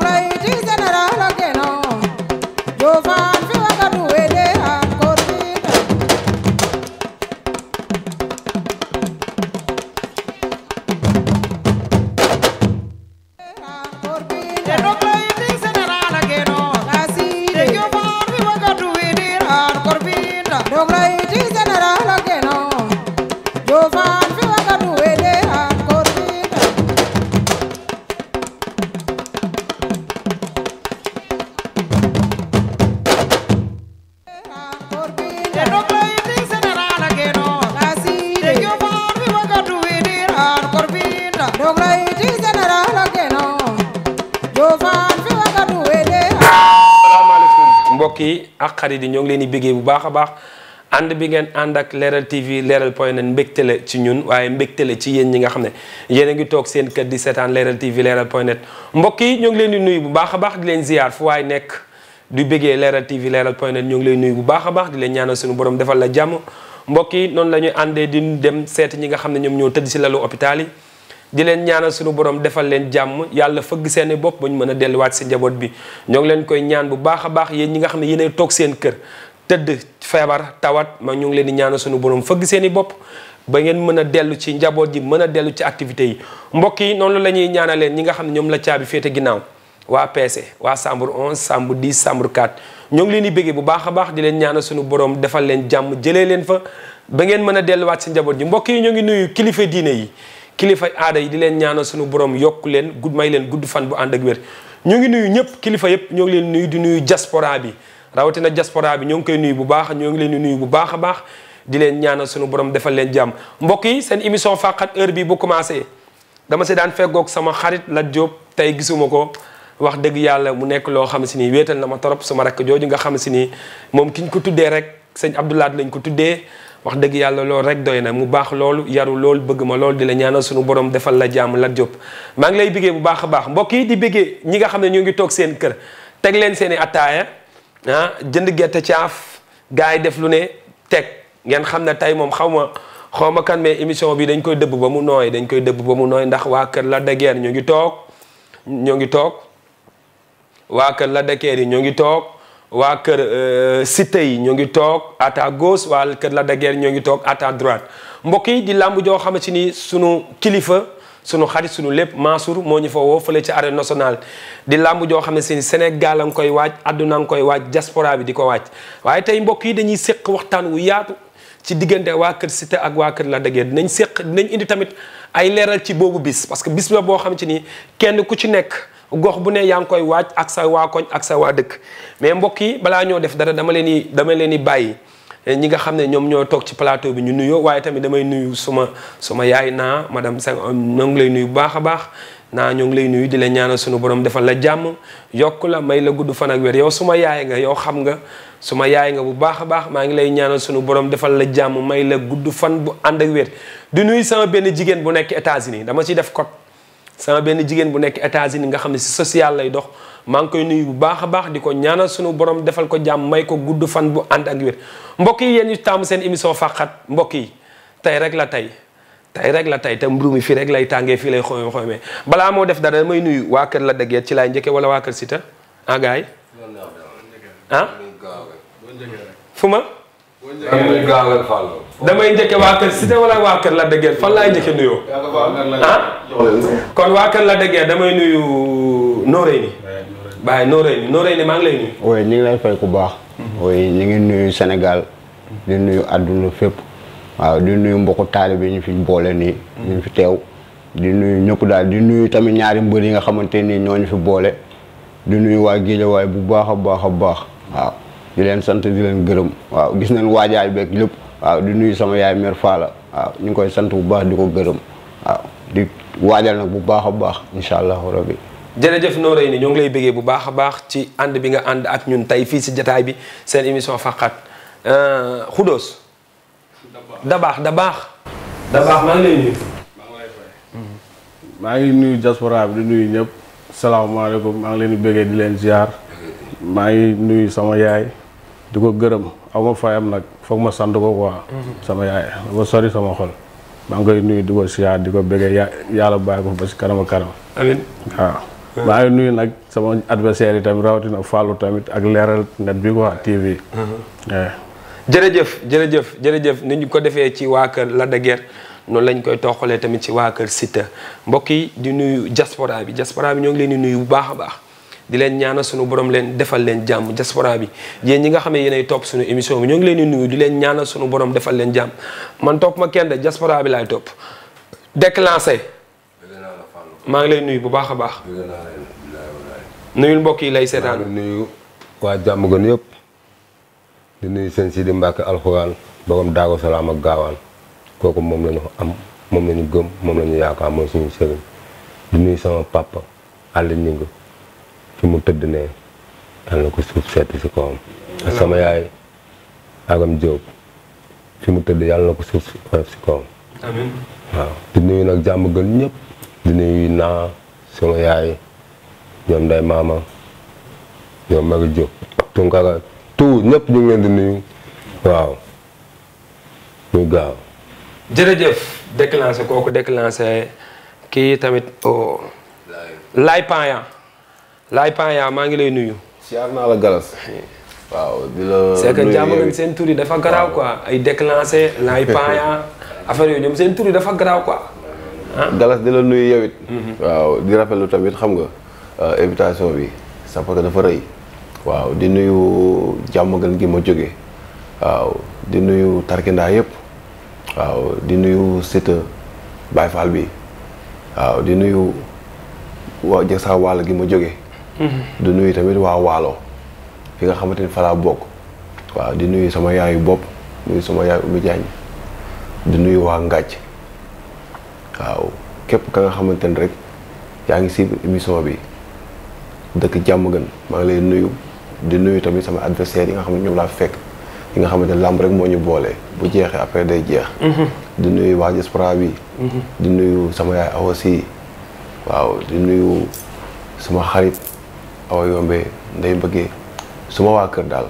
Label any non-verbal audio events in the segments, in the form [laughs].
Progray xarit yi ñoo ngi leen di béggee bu baax a baax ànd bi ngeen ànd ak leeral TV leeral point net mbégte la ci ñun waaye mbégte la ci yéen ñi nga xam ne yéen a ngi toog seen kër di seetaan leeral TV leeral point net mbokk yi ñoo ngi leen di nuyu bu baax a baax di leen ziar fu waaye nekk du béggee leeral TV leeral point net bu baax a baax di leen ñaanal suñu borom defal la jàmm mbokk yi noonu la ñuy àndee di dem seet ñi nga xam ne ñoom ñoo tëdd si lalu hôpital yi di leen ñaanal suñu borom defal leen jàmm yàlla fëgg seeni bopp ba ñu mën a delluwaat si njaboot bi ñoo ngi leen koy ñaan bu baax a baax yéen ñi nga xam ne yéenay toog seen kër tëdd feebar tawat ma ñu ngi leen di ñaanal suñu borom fëgg seeni bopp ba ngeen mën a dellu ci njaboot ji mën a dellu ci activités yi mbokk yi noonu la ñuy ñaanalee ñi nga xam ñoom la caabi féete ginnaaw waa PC e, waa chambre 11 chambre 10 chambre 4 ñoo ngi leen di bëggee bu baax a baax di leen ñaanal suñu borom defal leen jàmm jëlee leen fa ba ngeen mën a delluwaat si njaboot ji mbokk yi ñoo ngi nuyu kilifa diine yi kilifa aada yi di leen ñaanal suñu borom yokku leen gudd may leen gudd fan bu ànd ak wér ñu ngi nuyu ñëpp kilifa yëpp ñoo ngi leen nuyu di nuyu diaspora bi rawatina diaspora bi ñoo ngi koy nuyu bu baax ñoo ngi leen di nuyu bu baax a baax di leen suñu borom defal leen jàmm mbokk yi seen émission fàqat heure bi bu commencé dama si daan feggoog sama xarit la Diop tey gisuma ko wax dëgg yàlla mu nekk loo xam si ni wetal na ma torop sama rakk jooju nga xam si ni moom ki ñu ko tuddee rek sëñ Abdoulaye lañ ko tuddee wax dëgg yàlla loolu rek doy na mu baax loolu yaru loolu bëgg ma loolu di la ñaana suñu borom defal la jàmm Lat Diop maa ngi lay biggee bu baax a baax mbokk yi di biggee ñi nga xam ne ñu ngi toog seen kër teg leen seeni i attaaya ah, jënd gerte caaf gars yi def lu ne teg ngeen xam ne tey moom xaw ma xaw ma kan émission bi dañ koy dëbb ba mu nooy dañ koy dëbb ba mu nooy ndax waa kër Lac de ñu ngi toog ñoo ngi toog waa kër Lac de yi ñoo ngi toog waa kër euh, Cité yi ñoo ngi toog à ta gauche waa kër Lac de ñoo ngi toog à ta mbokk yi di làmb joo xamante ni sunu kilifa sunu xarit sunu lépp Mansour moo ñu fa woo fële ci arène nationale di lamb joo xam ne si Sénégal a ngi koy waaj àdduna a ngi koy waaj diaspora bi di ko waaj waaye tey mbokk yi dañuy séq waxtaan wu yaatu ci diggante waa kër Cité ak waa kër la de dinañ séq dinañ indi tamit ay leeral ci boobu bis parce que bis la boo xamante ni kenn ku ci nekk. gox bu ne yaa ngi koy waaj ak sa waa koñ ak sa waa dëkk mais mbokk yi balaa ñoo def dara dama leen di dama leen di bàyyi ñi nga xam ne ñoom ñoo toog ci plateau bi ñu nuyoo waaye tamit damay nuyu suma suma yaay naa madame Seng ñoo ngi lay nuyu bu baax a baax naa ñoo ngi lay nuyu di la ñaanal sunu borom defal la jàmm yokk may la gudd fan ak wér yow suma yaay nga yow xam nga suma yaay nga bu baax a baax maa ngi lay ñaanal sunu borom defal la jàmm may la gudd fan bu ànd ak wér di nuyu sama benn jigéen bu nekk États-Unis dama si def kot sama benn jigéen bu nekk États-Unis nga xam ne si social lay dox maa ngi koy nuyu bu baax a baax di ko ñaanal suñu borom defal ko jàmm may ko gudd fan bu ànd ak wér mbokk yi yéen ñu taamu seen émission Faaxat mbokk yi tey rek la tey tey rek la tey te mburu mi fii rek lay tàngee fii lay xoyme xoyme balaa moo def dara may nuyu waa kër la dëggeet ci laay njëkke wala waa kër Siteu ah gars yi ah? fu ma damay gaawal Fallou. damay njëkke waa kër Cité wala waa kër Lac de Guiers fan laay njëkke nuyoo. ah kon waa kër Lac de damay nuyu Noreyni. waaye Noreyni Noreyni maa lay nuyu. oui ñu ngi lay fay ku baax. Mhm. oui ñu ngi nuyu senegal di nuyu àdduna fépp. waaw di nuyu mbokku taalibe ñu fi boole nii. ñu fi teew. di nuyu ñëpp daal di nuyu tamit ñaari mbër yi nga xamante nii ñoo ñu fi boole. di nuyu waa Guédiawaye bu baax a baax a baax waaw. di leen sant di leen gërëm waaw gis nañ waajaay beeg lépp waaw di nuyu sama yaay mère Fala waaw ñu ngi koy sant bu baax di ko gërëm waaw di waajal nag bu baax a baax incha allahu rabbi jërëjëf nooréy ni ñoo ngi lay bëggee bu baax a baax ci ànd bi nga ànd ak ñun tey fii si jataay bi seen émission faqat xudoos euh, da baax da maa ngi lay nuyu maa ngi nuyu bi di nuyu ñëpp salaamaaleykum maa ngi leen di bëggee di leen ziar maa ngi nuyu sama yaay di ko gërëm aw ma fayam nag foog ma sant ko quoi. Mhm. sama yaay ma sori sama xol. maa ngi koy nuyu di ko siyaar di ko bëggee ya yàlla bàyyi ko ba si kanam a kanam. amiin waaw. maa ngi nuyu nag sama adversaire yi tamit rawatina Fallou tamit ak leeral net bi quoi TV. Mhm. jërëjëf jërëjëf jërëjëf ni ñu ko defee ci waa kër Lac de noonu lañ koy toxalee tamit ci waa kër Siteu mbokk yi di nuyu diaspora bi diaspora bi ñoo ngi leen di nuyu bu baax a baax. di leen ñaanal sunu borom leen defal leen jàmm diaspora bi yéen ñi nga xam ne yéenay topp sunu émission bi ñoo ngi leen di nuyu di leen ñaanal sunu borom defal leen jàmm man topp ma kenn de diaspora bi laay topp déclenché maa ngi lay nuyu bu baax a baax nuyul mbokk yi lay seetaan nuyu waa jàmm gën yëpp di nuyu seen Sidi Mbacke alxuraan borom Daaru Salaam ak gaawaan kooku moom la ñu moom la ñu gëm moom yaakaar mooy suñu sëriñ di nuyu sama papa Aliou Ngingue fi mu tëdd ne yàlla na ko suuf seet si kawam sama yaay Agam Diop fi mu tëdd yàlla na ko suuf si kawam amiin waaw di nuyu nag jàmm gën ñëpp di naa sama yaay ñoom day maama ñoom Maga Diop Tunkara tout ñëpp ñu ngi leen di nuyu waaw ñu gaaw jërëjëf déclenché kooku déclenché kii tamit oh, laay paayan laay pan yaa maa ngi lay nuyu. siyaar naa la galas. waaw di la. c'est que jàmm nga seen tur dafa garaaw quoi ay déclenché laay pan yaa [laughs] affaire yooyu ñoom seen tur yi dafa garaaw quoi. Ah. galas di la nuyu yow mm-hmm. waaw di rafetlu tamit xam nga euh, invitation bi sa parce dafa rëy. waaw di nuyu jàmm gën gi ma jóge waaw di nuyu tarkindaa yëpp waaw di nuyu Siteu Baye Fall bi waaw di nuyu waa Jaksaaw wàll gi ma jóge du nuyu tamit waa Waalo fi nga xamante ni fa bokk. waaw di nuyu sama yaayu bopp nuyu sama yaayu Oumy Diagne di nuyu waa Ngàcc waaw képp ka nga xamante ni rek yaa ngi si émission bi dëkk jàmm gën maa ngi lay nuyu di nuyu tamit sama adversaire yi nga xam ne ñoom laa fekk. nga xamante ni làmb rek moo ñu boolee bu jeexee après day jeex. Mhm. di nuyu waa diaspora bi. Mhm. di nuyu sama yaay aussi waaw di nuyu sama xarit. awa yombee nday bëggee suma waa kër daal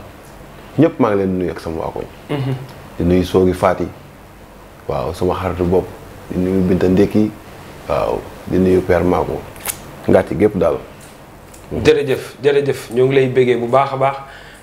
ñëpp maa ngi leen di nuyu ak sama waa koñ mhm. di nuyu soogi faat yi waaw suma xaritu bopp di nuyu binta ndékki waaw di nuyu père maako ngaat yi gépp daal mhm. jërëjëf jërëjëf ñoo ngi lay bëggee bu baax a baax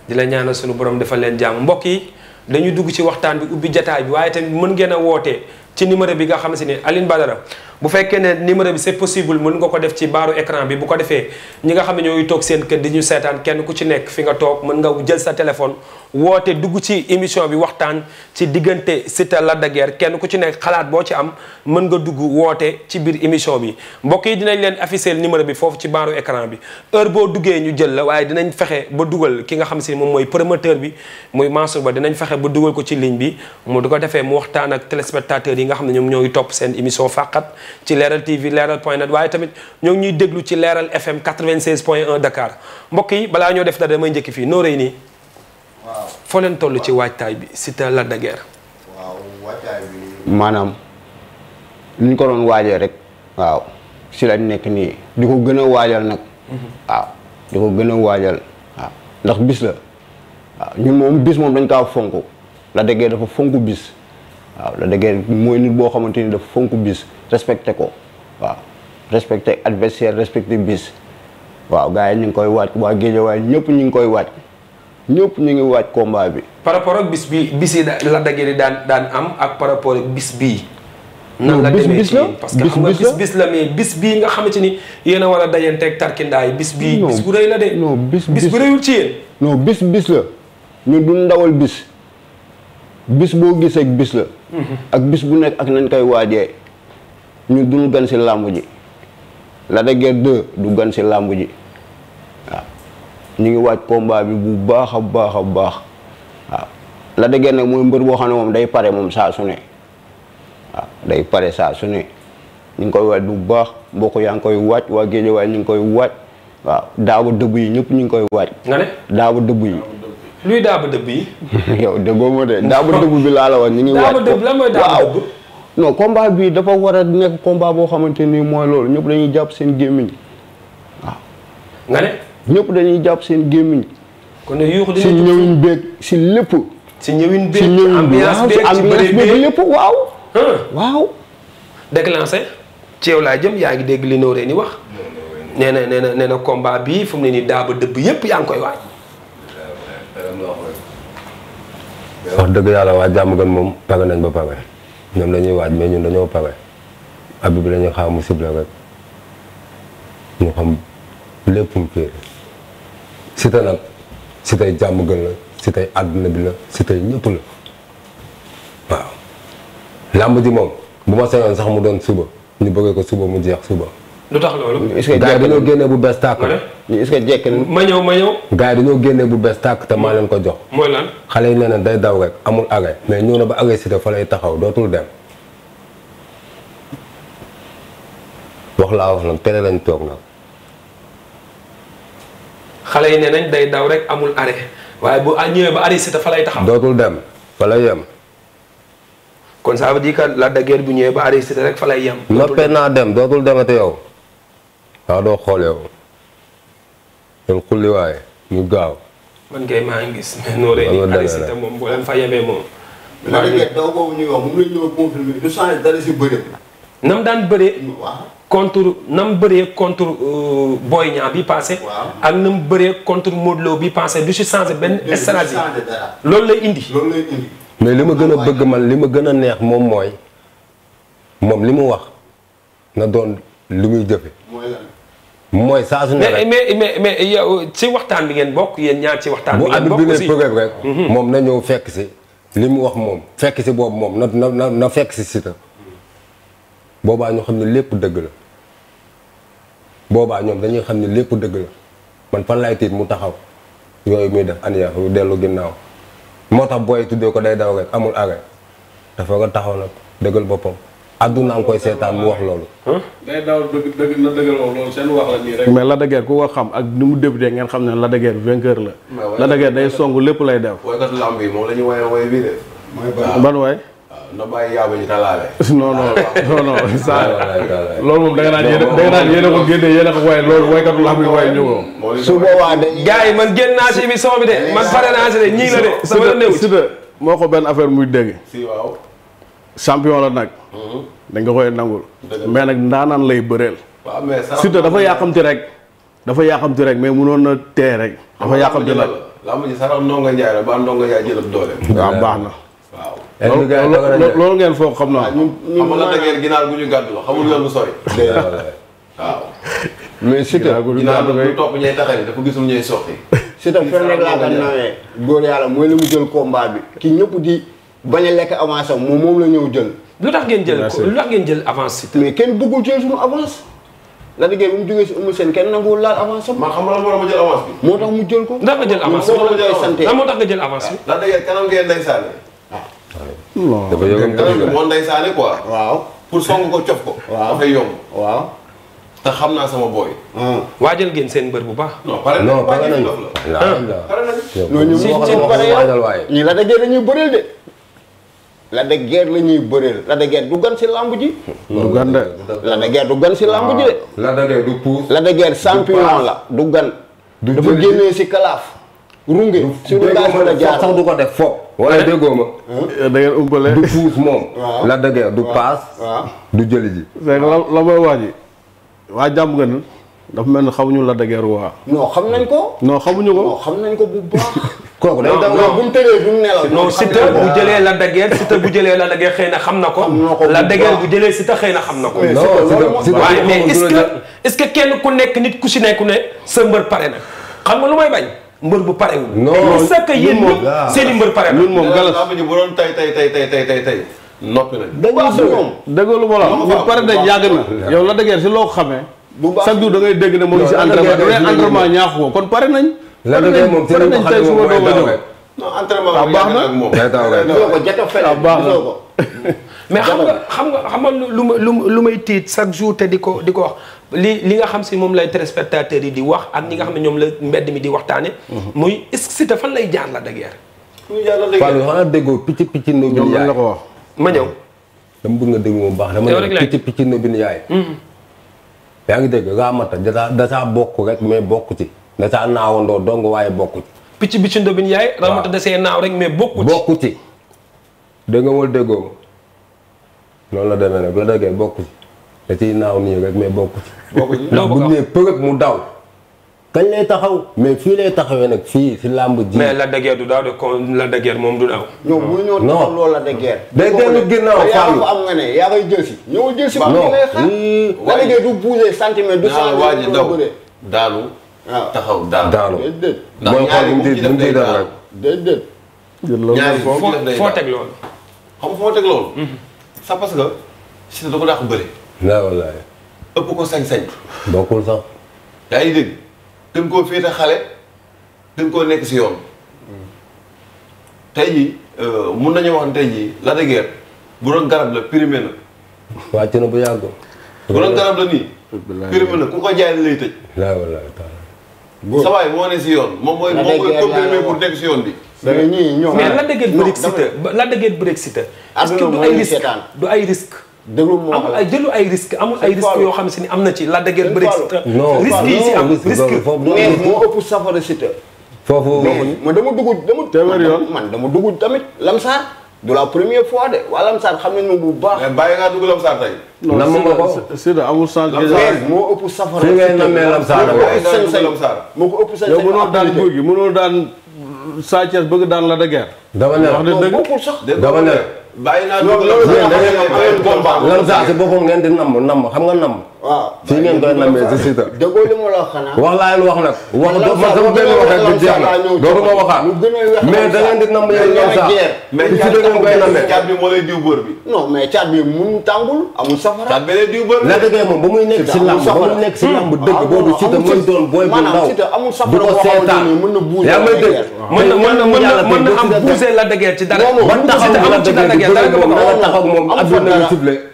di la ñaan suñu borom dafa leen jàmm mbokk yi dañu dugg ci waxtaan bi ubbi jataay bi waaye tamit mën ngeen wootee ci numéro bi nga xam si ne Alioune Badara bu fekkee ne numéro bi c'est possible mën nga ko def ci baaru ecran bi bu ko defee ñi nga xam ne ñooy toog seen kër di ñu seetaan kenn ku ci nekk fi nga toog mën nga jël sa téléphone woote dugg ci émission bi waxtaan ci diggante Siteu Lac de kenn ku ci nekk xalaat boo ci am mën dugg woote ci biir émission bi mbokk yi dinañ leen afficher numéro bi foofu ci baaru écran bi heure boo duggee ñu jël la waaye dinañ fexe ba dugal ki nga xam si moom mooy promoteur bi muy Mansour Ba fexe ba dugal ko ci ligne bi mu du ko defee mu waxtaan ak téléspectateurs yi nga xam ne ñoom ñooy topp seen émission fàqat ci leeral TV leeral point net waaye tamit ñoo ngi ñuy déglu ci leeral FM 96 point 1 mbokk yi balaa ñoo def dara damay njëkki fii noo rëy nii. waaw foo leen toll ci waajtaay bi si Lac la Guiers. waaw waajtaay ñu ko doon waajee rek. waaw si lañ nekk nii di ko gën a waajal nag. Mm-hmm. waaw di ko gën a waajal. ndax bis la waaw ñun moom bis moom dañ kaa fonk la de Guiers dafa fonk bis. waaw Lac de Guiers mooy nit boo xamante ni dafa fonk bis respecté ko waaw respecté adversaire respecté bis waaw gars yi ñu ngi koy waaj waa géej waaye ñëpp ñu ngi koy waaj ñëpp ñu ngi waaj combat bi. par rapport ak bis bi bis yi Lac de Guiers daan daan am ak par rapport ak bis bii. nan la demee ci parce que xam bis la mais bis bii nga xamante ni yéen a war a dajanteeg tarkindaa yi bis bi bis bu rëy la de. bis bis bu rëyul ci yéen. non bis bis la ñu du ndawal bis bis boo gisee bis la. ak bis bu nekk ak nañ koy waajee ñu dul gan si làmbu ji la de guerre du gan si làmbu ji waaw ñu ngi waaj combat bi bu baax a baax a baax waaw la de guerre nag mooy mbër boo xam ne moom day pare moom saa su ne waaw day pare saa su ne ñu ngi koy waaj bu baax mbokk yaa ngi koy waaj waa géej waaj ñu ngi koy waaj waaw daaw dëbb yi ñëpp ñu ngi koy waaj. nga dëbb yi. luy daaba dëbb yi. [laughs] yow déggoo ma de daaba dëbb bi laa la wax ñu ngi. waaj ko daaba dëbb lan mooy daaba dëbb. non combat bi dafa war a nekk combat boo xamante ni mooy loolu ñëpp dañuy jàpp seen gémmiñ waaw. nga ne. ñëpp dañuy jàpp seen gémmiñ. kon nag yuuxu si ñëwin beeg si lépp. si ñëwin beeg si ñëwin beeg ambiance beeg lépp waaw. waaw. déclenché ci yow laa jëm yaa ngi dégg li Noreyni wax. nee na nee na nee na combat bii fu mu ne nii daaba dëbb yëpp yaa ngi koy waaj. wax dëgg yàlla waa jàmm gën moom pare nañ ba pare ñoom dañuy waaj mais ñun dañoo pare abi bi dañuy xaar mu ciblé rek ñu xam léppum kii si te nag si tey jàmm gën la si tey àdduna bi la si tey ñëpp la waaw làmb ji moom bu ma sañoon sax mu doon suba ñu bëggee ko suba mu jeex suba lu tax loolu. est-ce que dañoo génne bu bees tàkk. est-ce que jekk ma ñëw ma ñëw. gars yi dañoo génne bu bees tàkk te maa leen ko jox. mooy lan xale yi nee na day daw rek amul agay mais ñëw na ba agay si fa taxaw dootul dem. wax nag tere lañ toog xale yi nee nañ day daw rek amul arrêt waaye bu ñëwee ba arrêt si fa lay taxaw. dootul dem fa lay yem. kon ça veut dire que la guerre bu ñëwee ba arrêt si rek fa lay yem. ma noppee naa dem dootul demate yow. waaw doo xoolee woo loolu xulli waaye ñu gaaw. man kay maa ngi gis. mais noo leen di Alicité moom boo leen fa yebee moom. maa ngi nekk daw boobu ñuy wax mu ngi ñëw confirmé du changé dara si bëri. nam daan bëree. contre nam bëree contre euh, Boy Niang bi passé. ak nam bëree contre Modou Lo bi passé du si changé benn. stratégie loolu lay indi. loolu lay indi. mais li ma gën a bëgg man li ma gën a neex moom mooy moom li mu wax na doon li muy jëfe mooy saa su ne rek mais mais mais yow ci waxtaan bi ngeen bokk yéen ñaar ci waxtaan bi ngeen bokk aussi bu àdduna bi rek. Mhm. moom na ñëw fekk si li mu wax moom fekk si boobu moom na na na fekk si Siteu boobaa ñu xam ne lépp dëgg la boobaa ñoom dañuy xam ne lépp dëgg la man fan laay tiit mu taxaw yooyu muy def aniya dellu ginnaaw moo tax booy tuddee ko day daw rek amul arrêt dafa nga taxaw nag dëggal boppam. àdduna am koy seetaan mu wax loolu. day daaw dëgg dëgg la dëgg loolu seen wax la nii rek. mais la dëgër ku ko xam ak ni mu débuté ngeen xam ne la dëgër vainqueur la. la dëgër day song lépp lay def. woykat lamb yi moom la ñu woyee woy bii de. mooy ban waay. na bàyyi yàlla ñu talaale. [laughs] non non ah, non non saa [laughs] loolu moom da nga naan yéen a da nga naan yéen a ko génne yéen a ko waaye loolu woykatu lamb yi waaye ñu ko. su boobaa de. gars yi man génn naa si émission bi de man pare naa si de ñii la de. sama néew moo ko benn affaire muy dégg. si waaw champion la mhm. da nga koy nangul. mais nag ndaanaan lay bëreel. waaw mais surtout dafa yàqamti rek. dafa yàqamti rek mais munoon na tee rek. dafa yàqamti nag lamb ji la ba ndongo njaay jëlab doole. waaw baax na. waaw loolu ngeen foog xam naa. Ah, ñun ñun xam nga dangeen ginaar gu ñu gàddu xamul ngeen lu sori. [laughs] waaw. mais Siteu ginaar du topp ñay taxari dafa gisul ñay soxi. Siteu fenn rek laa ko nawee góor yàlla mooy li mu jël combat bi ki ñëpp di. bañ a lekk avance moom moom la ñëw jël. lu tax ngeen jël lu tax ngeen jël avance si. mais kenn bëggul jël suñu avance. la liggéey bi mu jógee si Eumeu Sène kenn nanguwul laal avance am. man xam nga lan moo tax ma jël avance bi. tax ko. ndax nga jël avance bi lan moo tax nga jël avance bi. Ah, lan dëgg kanam ngeen ndeysaane. waaw ah. dafa yomb kanam bi moo ndeysaane quoi. waaw ko cof ko. waaw dafay yomb. waaw xam naa sama booy. Hmm. waajal ngeen seen mbër bu baax. non pare nañu hmm. pare nañu. waaw waaw pare nañu. ñooñu ñu wax la waaye. dañuy bëreel de. Lac de Guiers la ñuy bëreel Lac de Guiers du gan si lamb ji. du gan de. Lac du gan si lamb ji de. Lac de Guiers du puus. Lac de Guiers la du gan. du dafa génnee si kalaaf. runge si lu daal mën a jaar du ko def foofu. wala déggoo ma. Eh, da ngeen umpale du puus moom. Lac de Guiers du paas. du jëli ji. c'est la mooy waa ji waa jàmm nga dafa mel ni xamuñu Lac de Guiers waa. non xam nañ ko. non xamuñu ko. non xam nañ ko bu baax. [laughs] kooku day daw bu mu tëjee bu mu nelaw. non Siteu bu jëlee la daggéer Siteu bu jëlee la daggéer xëy na xam na ko. la daggéer bu jëlee Siteu xëy na xam na ko. waaye mais est-ce que est-ce que kenn ku nekk nit ku si nekku ne sa mbër pare na xam nga lu may bañ. mbër bu pare wul. non yéen ñëpp mbër pare na. ñun moom galas bu doon tay tay tay tay tay tay tay noppi nañ. waaw si moom dëgg lu ma la ñu pare nañ na yow la daggéer si loo xamee. bu baax chaque jour na ngay dégg ne moo ngi si entraînement ñaaxu ko kon pare nañ la dëgg moom teel nañ ko xam ne ah, moom mooy daaw rek. non entraînement bi baax na moom day a fële gisoo [laughs] xam nga xam nga xam nga lu ma lu may tiit chaque jour te di ko di ko wax li li nga xam si moom lay téléspectateurs yi di wax ak ñi nga xam ne ñoom la mbedd mi di waxtaane mhm. muy Siteu fan lay jaar la dëgg yàlla. Fallou xanaa déggoo picc picc ndóo bi ko wax. ma ñëw. dama bëgg nga dégg moom baax dama ne picc picc ndóo bi yaay. Mhm. yaa ngi dégg nga amata da saa bokk rek mais bokk ci nata ndoo dong waaye bokku picc bi ci ndobin yaay ramata desee naaw rek mais bokku ci bokku ci dégg nga la demee nag la déggee bokku ci da ciy naaw nii rek mais bokku ci bokku bu nee përëb mu daw kañ lay taxaw mais fii lay taxawee nag fii si làmb ji mais la déggee du daaw de kon la déggee moom du daaw ñoom bu la déggee day dellu ginnaaw faalu am nga ne yaa ngay jël si ñëw jël si ba lay xaar la déggee du bouger centimètre du centimètre taxaw daanu daanu. mooy xool bu mu ciy bu mu ciy daan nag. déedéet. ñaari foo teg loolu. foo teg loolu. Mhm. ça parce que Siteu da ko dàq bëre. la wallaay. ëpp ko sañ-sañ. bokkul sax. yaa ngi dégg gën koo féete xale gën ko nekk si yoon. tey jii euh, mun nañu wax ne tey jii la de guerre bu doon garab la périmé na. wàcc na bu yàgg. bu doon garab la nii. périmé na ku ko jaay lay tëj. la wallaay. góor sa moo ne si yoon. moom mooy moom mooy comprimé pour nekk si yoon bi. mais ñii ñoom mais la dëgg Brexit la dëgg Brexit. est-ce que du ay risque du ay risque. déglu moom amul ay jëlu ay risque amul ay risque yoo xam si ni am na ci la dëgg Brexit. non risque yi si am risque mais moo ëpp safara si te. foofu man dama dugg dama. téeméer yoon man dama dugg tamit lamsaar. du la première fois de waa Lamsar xam nañu bu baax. mais bàyyi ngaa dugg Lamsar tey. non si la amul sens. moo ëpp safara. fi ngay nammee Lamsar moo ko ëpp sañ-sañ. yow mënoo daan guur gi mënoo daan Sa Thiès bëgg daan la de guerre. dama ne wax dëgg bokkul sax dama ne. bàyyi naa dugg Lamsar. loolu da ngeen boppam ngeen di namm namm xam nga namm. waaw fii ngeen koy ma la wax wax laa leen wax nag. wax do man sama benn wax rek du jeex na dootuma waxaat. mais da ngeen di namb yéen ñoom sax. bi diw bër bi. non mais caat bi mun tàngul amul safara. caat bi lay diw bër bi. Lac de Guiers ba muy nekk si lamb ba muy nekk si lamb dëgg ah, doon booy bu ndaw. du ko seetaan yaa may dégg. mën na mën na mën na mën na am buusee a de Guiers ci dara.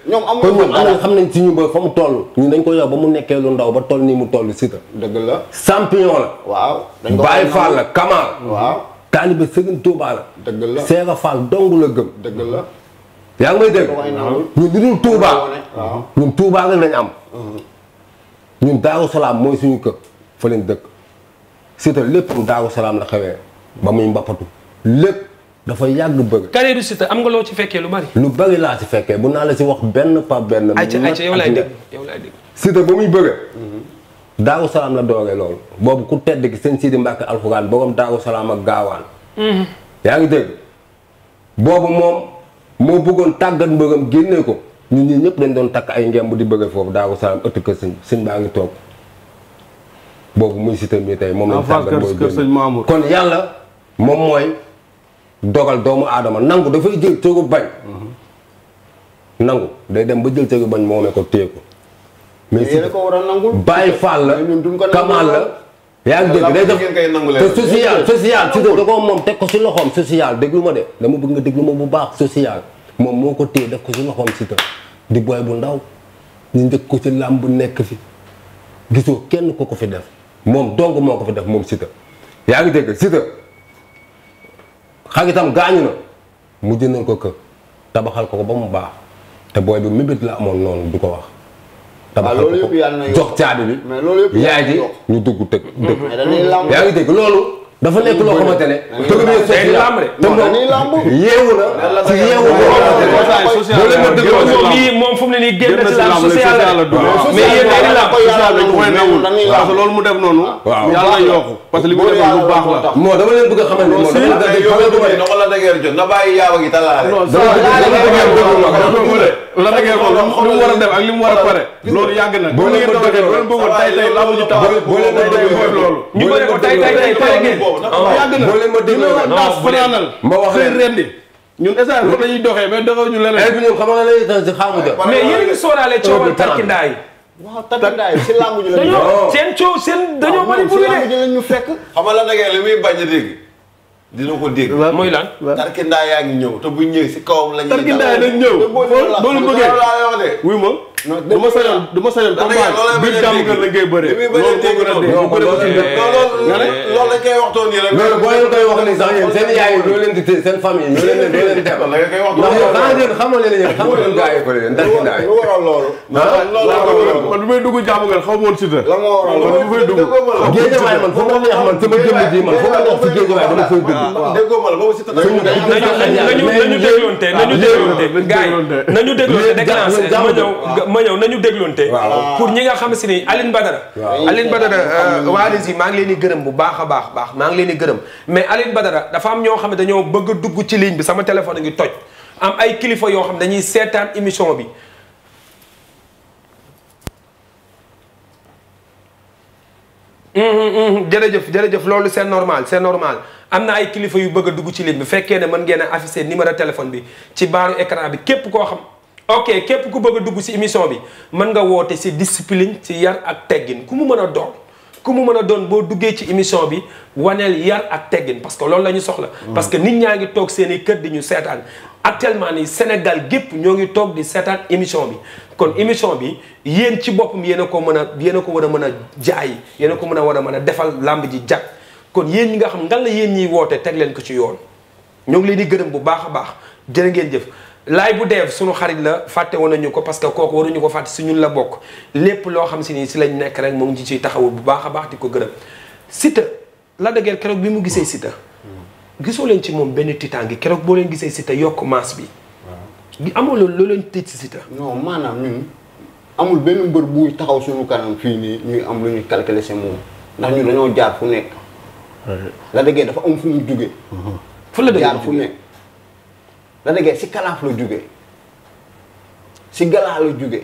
ñoom amul woon dara xam nañ si ñu ba fa mu toll. ñun dañ ko yor ba mu nekkee lu ndaw ba toll nii mu tollu si. dëgg la champion la. dañ ko Baye Fall la Kamal. dëgg la Seera Fall dong la gëm. dëgg la. yaa ngi may dégg ñun li dul Touba ñun Touba rek lañ am. Mhm. ñun Daaru Salaam mooy suñu kër fa leen dëkk. Siteu lépp Daaru Salaam la xewee ba muy mbappatu lépp. dafa yàgg bëgg. carrière Siteu am nga loo ci fekkee lu bari. lu bari laa ci fekkee bu naa la ci wax benn par benn. ayca ayca yow laay dégg yow laay dégg. Siteu ba muy bëgg. Mhm. Daaru Salaam la dooree loolu. boobu ku tedd ki sëñ Sidi Mbacke alxuraan borom Daaru Salaam ak gaawaan. Mhm. yaa boobu moom moo bëggoon tàggat mbëgam génnee ko nit ñi ñëpp dañ doon takk ay ngemb di bëgg foofu Daaru Salaam ëtt kër sëñ sëñ baa ngi toog boobu muy Siteu mi tey moom lañ tàggat. mooy kon yàlla moom mooy. dogal doomu aadama nangu dafay jël cëgu bañ nangu day dem ba jël cëgu bañ moomee ko téye ko mais si bàyyi faal la kamaal la yaa ngi dégg day def te social social si da ko moom teg ko si loxoom social déglu ma de dama bëgg nga déglu ma bu baax social moom moo ko téye def ko si loxoom si di booy bu ndaw ñu njëkk ko si làmb bu nekk fi gisoo kenn ko ko fi def moom dong moo ko fi def moom si ta yaa ngi dégg si itam gaañu na mujj nañ ko kër tabaxal ko ko ba mu baax te booy bi mébét la amoon noonu du ko wax. tabaxal ah, ko jox caabi bi. yaay ji ñu dugg tëgg. Mm-hmm. yaa ngi dégg loolu. dafa nekk loo xamante ne. dañuy lamb de dañuy lamb yeewu na. ci yeewu boo xam moom fu mu ne nii génn si lamb social la mais yéen dañuy lamb social dañu koy nawul parce que loolu mu def noonu. waaw yàlla yokku parce que li mu def lu baax la. moo dama leen bëgg a xamal ne moom dama leen bëgg a xamal ne. na ko la dëgër jot na bàyyi yaawa gi talaale. la da ngeen ko lu mu war a def ak li mu war a pare. loolu yàgg na boo leen bëggoon boo leen bëggoon tey tey laa mujj taxaw. boo leen ma déggoon loolu. ñu bëri ko tey tey tey pare ngeen. yàgg na boo leen ma déggoon daas fanaanal. ma wax leen rendi ñun est-ce que dañuy doxee mais doxee ñu leneen. et eh, puis xam nga lay tànn si xaamu ja. mais yéen a ngi sóoraale coowal tarkindaa yi. waaw tarkindaa yi si làmb ji la ñu. seen coow seen dañoo manipulé. Ah, waaw moom si làmb ji la ñu fekk. xam nga la nag li muy bañ a dégg dina ko dégg. mooy lan. tarkindaa yaa ngi ñëw te bu ñëwee si kawam la ñuy. tarkindaa yi dañ ñëw boo boo leen bëggee wuy ma. du ma sañoon du ma sañoon combat bi jàmm gën la ngay bëree. loolu moo gën a dee bu bëree ko ci dëkk. nga ne loolu lañ koy waxtoon nii rek. loolu boo leen koy wax ni sax yéen seen yaay yi ñoo leen di té seen famille ñoo leen di ñoo leen di teewal. da nga koy wax loolu ndax yéen xamal leen yéen xamal leen gaa yi ko leen ndax daa yi. lu waral loolu. ah loolu la waral man bi may dugg jàmm gën xaw ma woon si te. la ma waral loolu man bi may dugg. géejawaay man foo ma neex man sama jëmm ji man foo ma neex si géejawaay dama fay dugg. waaw déggoo ma la boobu si te. nañu nañu dégloonte nañu dégloonte. gaa yi nañu dégloonte déclenché ma ñëw ma ñëw nañu dégloonte pour ñi nga xam si ni Aline Badara Aline Badara euh, waa Rési maa ngi leen di gërëm bu baax a baax baax maa ngi leen di gërëm mais Aline Badara dafa am ñoo xam ne dañoo bëgg dugg ci ligne bi sama téléphone ngi toj am ay kilifa yoo xam dañuy seetaan émission bi jërëjëf jërëjëf loolu c'est normal c'est normal am na ay kilifa yu bëgg dugg ci ligne bi fekkee ne mën ngeen a afficher numéro téléphone bi ci baaru écran bi képp koo xam ok képp ku bëgg dugg ci émission bi mën nga woote ci discipline ci yar ak teggin ku mu mën a doon ku mu mën a doon boo duggee ci émission bi waneel yar ak teggin parce que loolu la ñu soxla. Mm. parce que nit ñaa ngi toog seeni kër di ñu seetaan actuellement nii Sénégal gépp ñoo ngi toog di seetaan émission bi. kon émission bi yéen ci boppam yéen a ko mën a yéen a ko war a mën a jaay yéen a ko mën a war a mën a defal làmb ji jag kon yéen ñi nga xam ngan la yéen ñiy woote teg leen ko ci yoon ñoo ngi leen di gërëm bu baax a baax jërë ngeen jëf. laay bu deef suñu xarit la fàtte woon ñu ko parce que kooku ñu ko fàtte si ñun la bokk lépp loo xam si ni si lañu nekk rek mu ngi ci taxawu bu baax a baax di ko gërëm Siteu la dëgër keroog bi mu gisee sita gisoo leen ci moom benn tiitaan gi keroog boo leen gisee Siteu yokk maas bi gi amoo loolu loo leen tiit si Siteu ñoo maanaam ñun amul benn mbër buy taxaw suñu kanam fii nii ñuy am lu ñuy calculer si moom ndax ñun dañoo jaar fu nekk la dëgër dafa am fu mu jugee fu la déggee si kalaaf la jugee si galaa la jugee.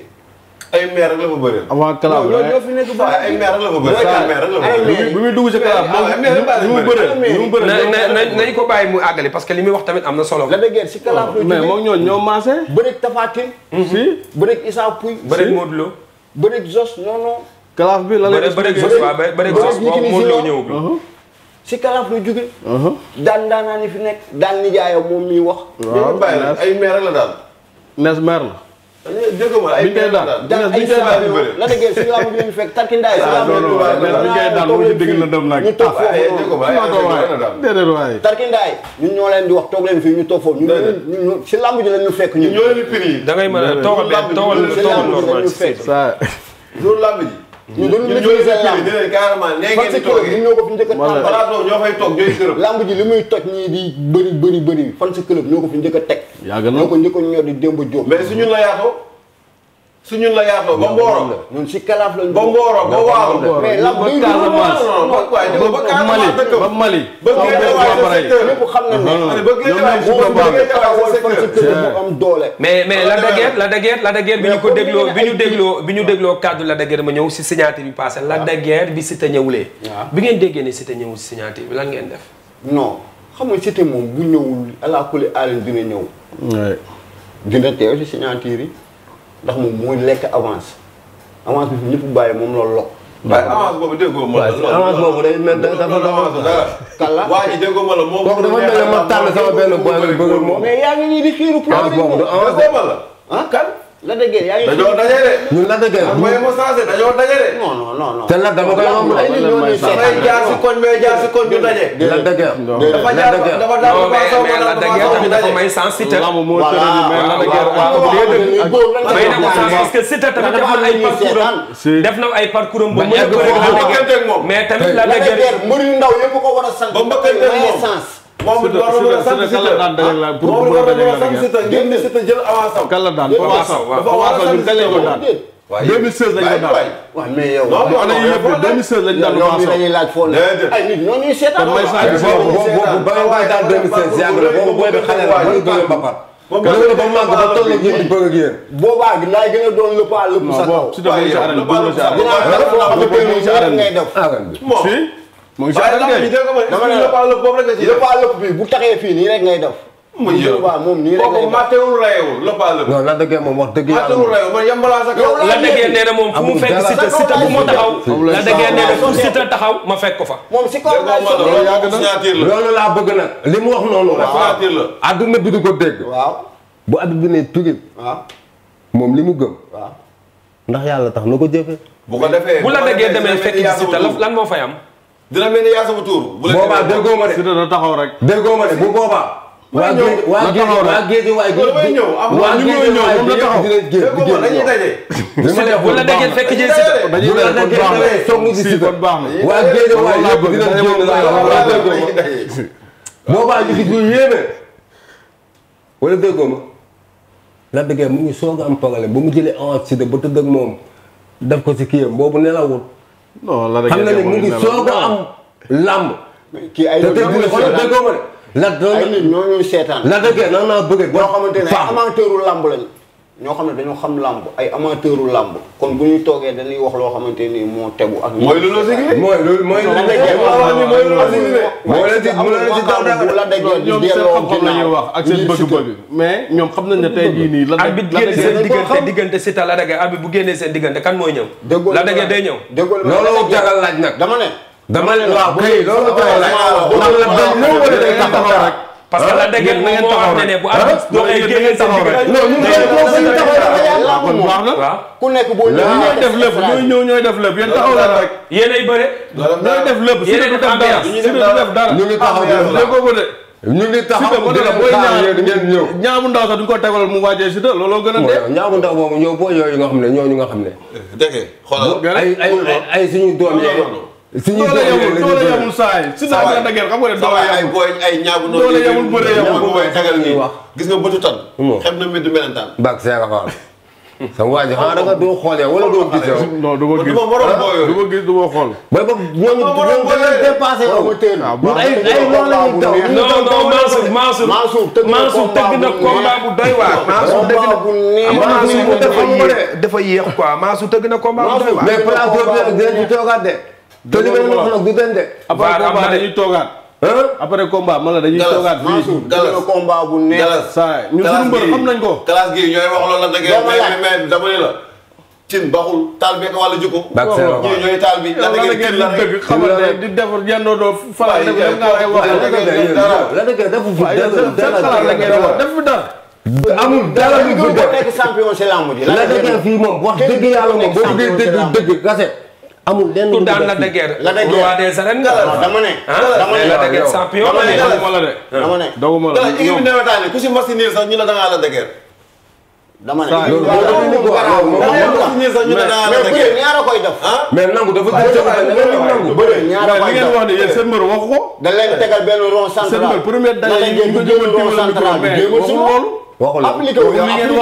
ay meer rek la fa bëri. avant kalaaf la ñoo fi nekk baax ay meer rek la fa bëri. ay meer rek la fa bëri bu muy dugg si kalaaf. moom bëri nañ ko bàyyi mu àggali parce que li muy wax tamit am na solo. la déggee si kalaaf la jugee mais moom ñooñu ñoo maase. bëri Tafatin. Mm-hmm. si bëri Issa Pouye. si bëri Modou Lo. bëri Zos non non. kalaaf bi la lay. bëri Zos waaw bëri Zos moom Modou Lo ñëwagul. Mm-hmm. si kalaaf la jóge uh-huh. daan daanaa ni fi nekk daan nijaayam moom miy wax. waaw bàyyi la ay meer la daal. nees meer la. dégg ma ay meer la daal daan ay saal yoo la déggee si laamu bi ñu fekk tarkindaay si laamu bi ñu fekk daal moom ñu dégg na dem nag ñu toog foofu déedéet waay tarkindaay ñun ñoo leen di wax toog leen fii ñu toog foofu ñu si làmb ji la fekk ñu ñoo leen di prix da ngay mën a toogal leen toogal leen toogal normal si loolu ñu doon maîtriser lamb parce que ñun ñoo ko fi njëkk a tàmbali ñoo fay toog ñooy kërëb lamb ji li muy toj ñii di bëri bëri bëri fan si club ñoo ko fi njëkk teg ñoo ko njëkk a ñor di démb jóg mais suñu la yaatoo su ñun la yaatoo ba Mboro. ñun si kalaaf la ñu. ba Mboro ba Waalo. mais lamb bi ba Mali ba am doole. mais mais la dageer la dageer la dageer bi ñu ko dégloo bi ñu dégloo bi ñu dégloo kàddu la dageer ma ñëw si signature bi passé la dageer bi si te ñëwulee. Ah. bi ngeen déggee ne si te ñëwul si signature bi lan ngeen def. no xam nga si moom bu ñëwul alaakulli bi dina ñëw. dina teew si signature yi ndax moom mooy lekk avance avance bi fi ñëpp bàyyi moom loolu lokk. waaye avance boobu déggoo ma la. avance boobu day mel dafa dafa. waa ji déggoo ma la moom. kooku dafa mel ne ma tànn sama benn boy bi bëgg moom. mais yaa ngi nii di xiiru. avance boobu avance boobu la ah kan. la dëggee yaa ngi. dañoo dajale. ñun la dëggee la. mooy mo sensé dañoo dajale. non non non. te nag dama koy wax. ay nit ñoo ni seet. jaar si koñ mais jaar si koñ ñu daje. la dëggee. dafa jaar dafa daan ko baax sama la dëggee tamit dafa may sensibiliser. lamb moo tëral mais la dëggee waaw waaw may na ko sens parce que Siteu tamit def na ay parcours am. def na ay parcours am ba mu yëg ko la dëggee mais tamit la dëggee. mbër yu ndaw yëpp ko war a sant. ba mbëkkanteeg moom moom it war na mën a sant si la pour pour a jël avance am. kàlla daan Papa Sow dafa war a sant si la waaw waaw 2016 lañ ko daan. waaw mais yow. non non non 2016 lañ daan Papa Sow dañuy laaj foo ne. ay nit ñoo ñuy seetaan waaw bu ba nga daan 2016 yàgg la boobu booy bi xale la mooy doole ba par. moom mooy doole ba mu màgg ba toll ak yéen bëgg ak yéen. boobaa gi laay gën a doon lëpp a lëpp sa kaw. waaw waaw si dafay si arène bi bëgg na si arène bi. mooy genre dama bi bu taxee fii nii rek ngay def. mu jël waaw moom nii rek lay def matewul rayewul lopaalu. non la dëggee moom wax dëgg yàlla matewul rayewul man yambalaa sa kaw. la dëggee nee na moom fu mu fekk la dëggee nee taxaw ma fekk fa. moom si kaw laay soog loolu laa bëgg nag li mu wax noonu. waaw signature la àdduna bi di ko dégg. waaw bu àdduna ne tugib. waaw moom li mu gëm. waaw ndax yàlla tax na ko jëfe bu ko defee bu la daggee demee fekk ci Siteu lan moo fay am dina mel ni yaa sama tuur. bu la boobaa de. si ma de bu boobaa. waa géej waa géej waa géej waay géej bi waa géej waay géej bi dinañ géej bi géej dañuy daje. li ma def bu la dajee fekk jël si la. dañuy def kon si kon waa géej waay yëpp dinañ génn la géej daje. boobaa ñu gis ñu yéeme. wala déggoo ma. la déggee mu ngi soog am problème ba mu jëlee avance si de ba tëdd moom def ko si kii boobu nelawul non la xam nga ne mu ngi soog a am làmb. kii ay nit ñoo ñuy seetaan la dëgg ñoo ñuy seetaan. la dëgg non non bëgg. boo xamante ne amateuru làmb lañu. ñoo xam ne dañoo xam làmb ay amateuru làmb kon bu ñuy toogee dañuy wax loo xamante ni moo tegu ak. mooy lu la sigilé mooy lu mooy lu la déggee mooy lu la sigilé. mooy la ci mooy la ci daaw ñoom seen ñuy wax ak seen bëgg-bëgg. mais ñoom xam nañ ne tey jii nii. bi génne seen diggante diggante si ta la dagay abi bu génnee seen diggante kan mooy ñëw. déggoo la dagay day ñëw. déggoo la loolu laaj nag. dama ne. dama ne waaw kay loolu jagal laaj. waaw waaw waaw waaw waaw waaw waaw waaw waaw parce que la dëgg moo am ne ne bu am doxee génn seen diggante non ñu ngi taxaw rek baax na ku nekk boo ñëw ñooy def lépp ñooy ñëw ñooy def lépp yéen taxaw leen rek yéen ay bëre ñooy def lépp si def dara si def dara ñu ngi taxaw dégg de ñu ngi taxaw booy ñaar ñaamu ndaw sax duñ ko tegal mu wàccee si de looloo gën a dee. ñaamu ndaw boobu ñoo booy yooyu nga xam ne ñooñu nga xam ne. Eh, dëgg xoolal ay ay ay suñu doom yee si ñuy doole doole yamul saa yi. saa waay xam nga ne doole ay booy ay ñaagu noonu. doole yamul bëree yamul booy tagal nii gis nga bëtu tan. xam na mbir du melentaan. bak c' est la xaal. sa waa ji xanaa da nga doo xoolee wala doo gisee. [laughs] non du ma gis du ma ah, gis du ma xool. mooy ba ñoom ñoom da leen dépassé wu. Ah, ñun ay ah, ay loolu la ñuy taw. non non Mansour Mansour. Mansour tëgg na combat bu doy waar. Mansour tëgg na combat bu doy waar. dafa yéex quoi Mansour tëgg na combat bu doy waar. mais plateau bi dinañ ci toogaat de. te li may wax nag du den de. après combat dañuy toogaat. après combat man la dañuy toogaat. fii galas combat bu neex. saa ñu suñu mbër xam nañ ko. galas gi ñooy wax loolu la dëgg mais dama ne la. cin baxul taal bi wala jikko. ñooy ñooy taal bi. lan la ngeen di dëgg xamal ne di defar yendoo doo faral def nga ay wax la ngeen dara la ngeen defu fi dara la ngeen wax def fi dara amul dara lu dul def nekk champion ci lamb ji la ngeen fii moom wax dëgg yàlla moom boo bëggee dëgg dëgg gase amul lenn lu daan la de guerre la de guerre des arènes dama ne dama ne la de guerre champion dama ne dama ne doguma la ne ku si masi niil sax ñu la da ngaa la de guerre dama ne loolu ñaara koy def ah. mais nangu dafa nangu bëri ñaara koy def wax ne yéen seen mbër waxu ko da leen tegal benn rond central seen mbër première da leen jël rond central bi waxul appliqué wu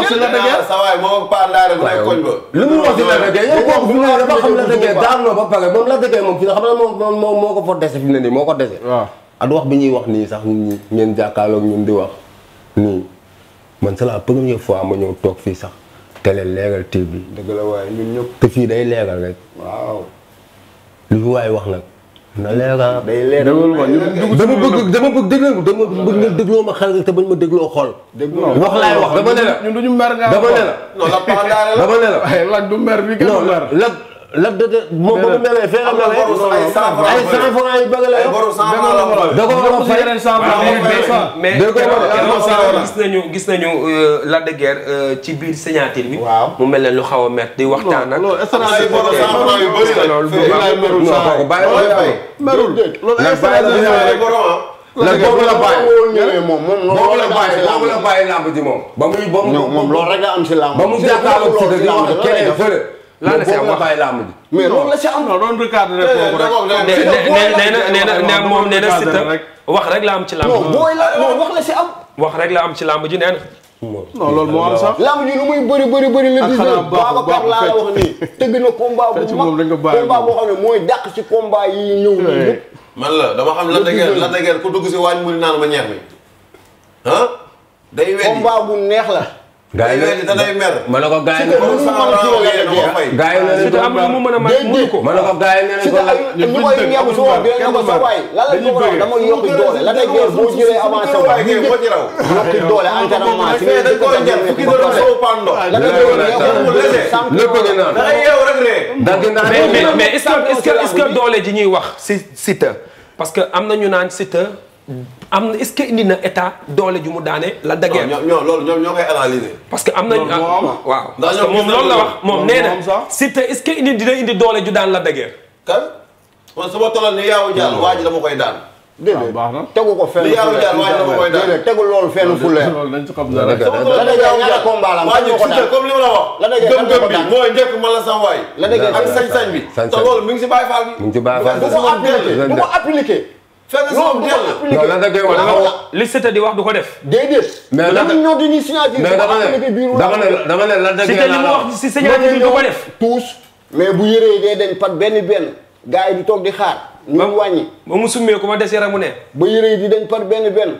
sa waay moom ak lu mu wax si la dëggee yow kooku fi mu ne dafa xam la dëggee daan na ba pare moom la dëggee moom fi nga xam ne moom moom moo ko fa dese fi mu ne nii moo ko dese. waaw ak wax bi ñuy wax nii sax ñun ñi ngeen jàkkaarloog ñun di wax nii man c'est la première fois ma ñëw toog fii sax télé leeral TV. dëgg la waaye ñun ñëpp. te fii day leeral rek. waaw. lu fi waay wax nag. na leer ah day leer dama bëgg dama bëgg déglu dama bëgg nga dégloo ma xel te bañ ma dégloo xool. wax laay wax dama ne la ñun duñu mer nga dama ne la. non la dama la. ay bi gën a Lac de Guiers moom bëgg mele fee am na ay cent franc yi bëgg la yow da ko war a fay mais gis nañu gis nañu Lac de Guiers ci biir signature bi mu mel ne lu xaw a met di waxtaan ak loolu la boobu la bàyyi moom moom la bàyyi lamb la bàyyi lamb ji moom ba muy moom loolu rek nga am si lamb ba mu jàkkaarloo si dëgg keneen fële lan la si am wax mais loolu am. non doon recadré eh, na moom nee na Siteu rek la am la wax la si am. wax la am ci làmb ji nee na. non loolu moo am sax. ji lu muy bëri bëri la. ak xanaa baaxul baaxul laa la wax nii. tëgg na combat bu mag combat boo xam ne mooy dàq ci combat yi ñëw nii man la dama xam la dëgër la dëgër ku dugg si waañ mu naan ma ñeex mi ah day bu neex la gaa yi léegi danay mer. ma ne ko gaa yi ne ko gaa yi ne ko am na mu mën a may ko. ma ne ko gaa yi ne ko la. ñu koy ñeeku su waay dinañ ko sa waay. dañuy bëri lan la ñu ko wax dama yokk doole lan la ñu koy boo ñëwee avant sa waay. yokk doole entraînement si ngeen ko njëkk ko ko sow pando. la nga koy ñeeku lépp ngi naan da ngay yeew rek de. da ngay naan mais mais est-ce que est-ce que doole ji ñuy wax si Siteu parce que am na ñu naan Siteu Mm. am na est-ce que indi na état doole ju mu daane la daggee. ñoo loolu ñoom ñoo koy parce que am nañ. Ah, moom loolu la wax moom nee na Siteu est-ce que indi dina indi doole ju daan la daggee. kan man su ni yaawu jàll waa ji dama koy daan. déedéet ah, tegu ko fenn. li yaawu jàll waa ji dama koy la daggee mooy njëkk man la sama waay. la daggee ak sañ-sañ bi. sañ-sañ te loolu mi ngi faal bi. mi faal bi bu ko appliqué sa bopp dell. lan la wax li Siteu di wax du ko def. déedéet. mais lan ñoo di ñu signature. mais dama ne dama ne dama lan la koy wax. mu wax si signature du ko def. tous mais bu yëree yi dee dañ pat benn benn gars yi du toog di xaar. ñu wàññi. ba mu summee ku ma des mu ne. ba yëree yi di dañ pat benn benn.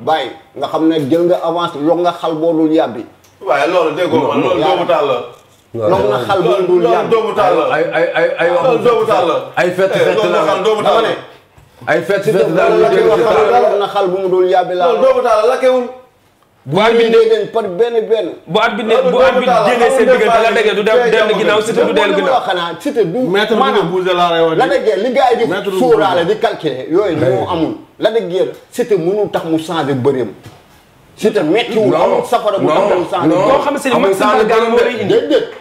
bàyyi nga xam ne jël nga avance log nga xal boo dul yàbbi. waaye loolu déggoo ma loolu doomu taal la. loolu na xal boo dul yàbbi loolu doomu taal ay ay ay ay wax doomu taal ay fekk fekk daal lu jëm ci taal na xal bu mu dul yàbbi laa doomu taal lakkewul bu at bi dee par benn benn bu at bi bu at bi génnee seen diggante la dégee du dem dellu ginnaaw Siteu du dellu ginnaaw xanaa Siteu du maanaam la dégee li gars yi di sóoraale di calculer yooyu moo amul la dégee Siteu mënul tax mu changer bëreem Siteu méttiwul amul safara bu amul sang boo xam ne mag sama gaal moo lay indi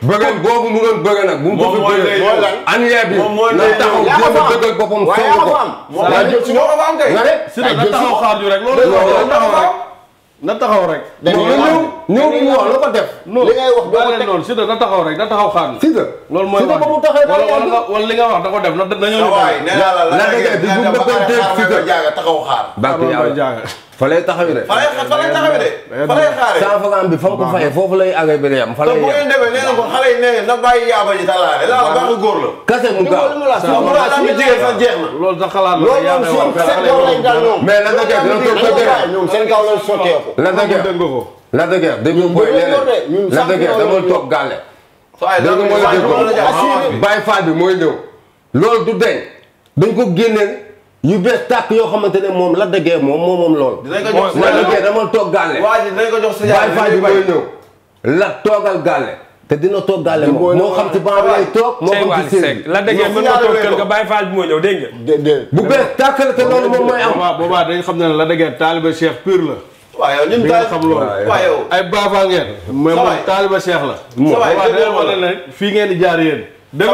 bëgg boobu mu doon bëgg nag bu mu bëgg bëgg annuaire bi na taxaw jéem a dëggal boppam song ko waaye jël si moom am kay Siteu na taxaw xaar ju rek loolu na taxaw rek ñëw ñëw mu wax lu ko def li ngay wax doo ko teg noonu Siteu na taxaw rek na taxaw xaar Siteu loolu mooy wax wala li nga wax da ko def na dañoo ñu bàyyi na dëgg bi bu mu bëggoon dégg Siteu taxaw xaar fa lay taxawi de. fa lay fa lay taxawi de. fa lay xaaree cent francs bi fa ko fayee foofu lay agay bi yam fa lay yam. te bu ngeen demee nee na ko xale yi nee na bàyyi yaaba ji talaale laa la baax góor la. kese mu gaaw mu la si jigéen sax jeex na. loolu sax xalaat la yaa ngi woon xale yi ñoom mais la dëgg dina toog ba dëgg. ñoom seen kaw la sottee ko. la dëgg la dëgg dégg nga booy leneen la dëgg dama toog gàlle. dégg nga mooy dëgg ko bàyyi faal bi mooy ñëw loolu du deñ dañ ko génneel yu bees tàkk yoo xamante ne moom la dëggee moom moom moom lool. dinañ ko jox la dëggee dama toog gàlle. waa ji bi mooy ñëw. la toogal gàlle. te dina toog gàlle moom moo xam ci ban bi lay toog. moo xam ci seen la dëggee mën na toog kër nga bàyyi faal bi mooy ñëw dégg nga. bu bees tàkk la te loolu moom mooy am. boobaa dañ xam ne la dëggee taaliba cheikh pur la. waaw yow ñun ay baafa ngeen. mais moom taaliba cheikh la. waaw fii ngeen di jaar yéen. dégg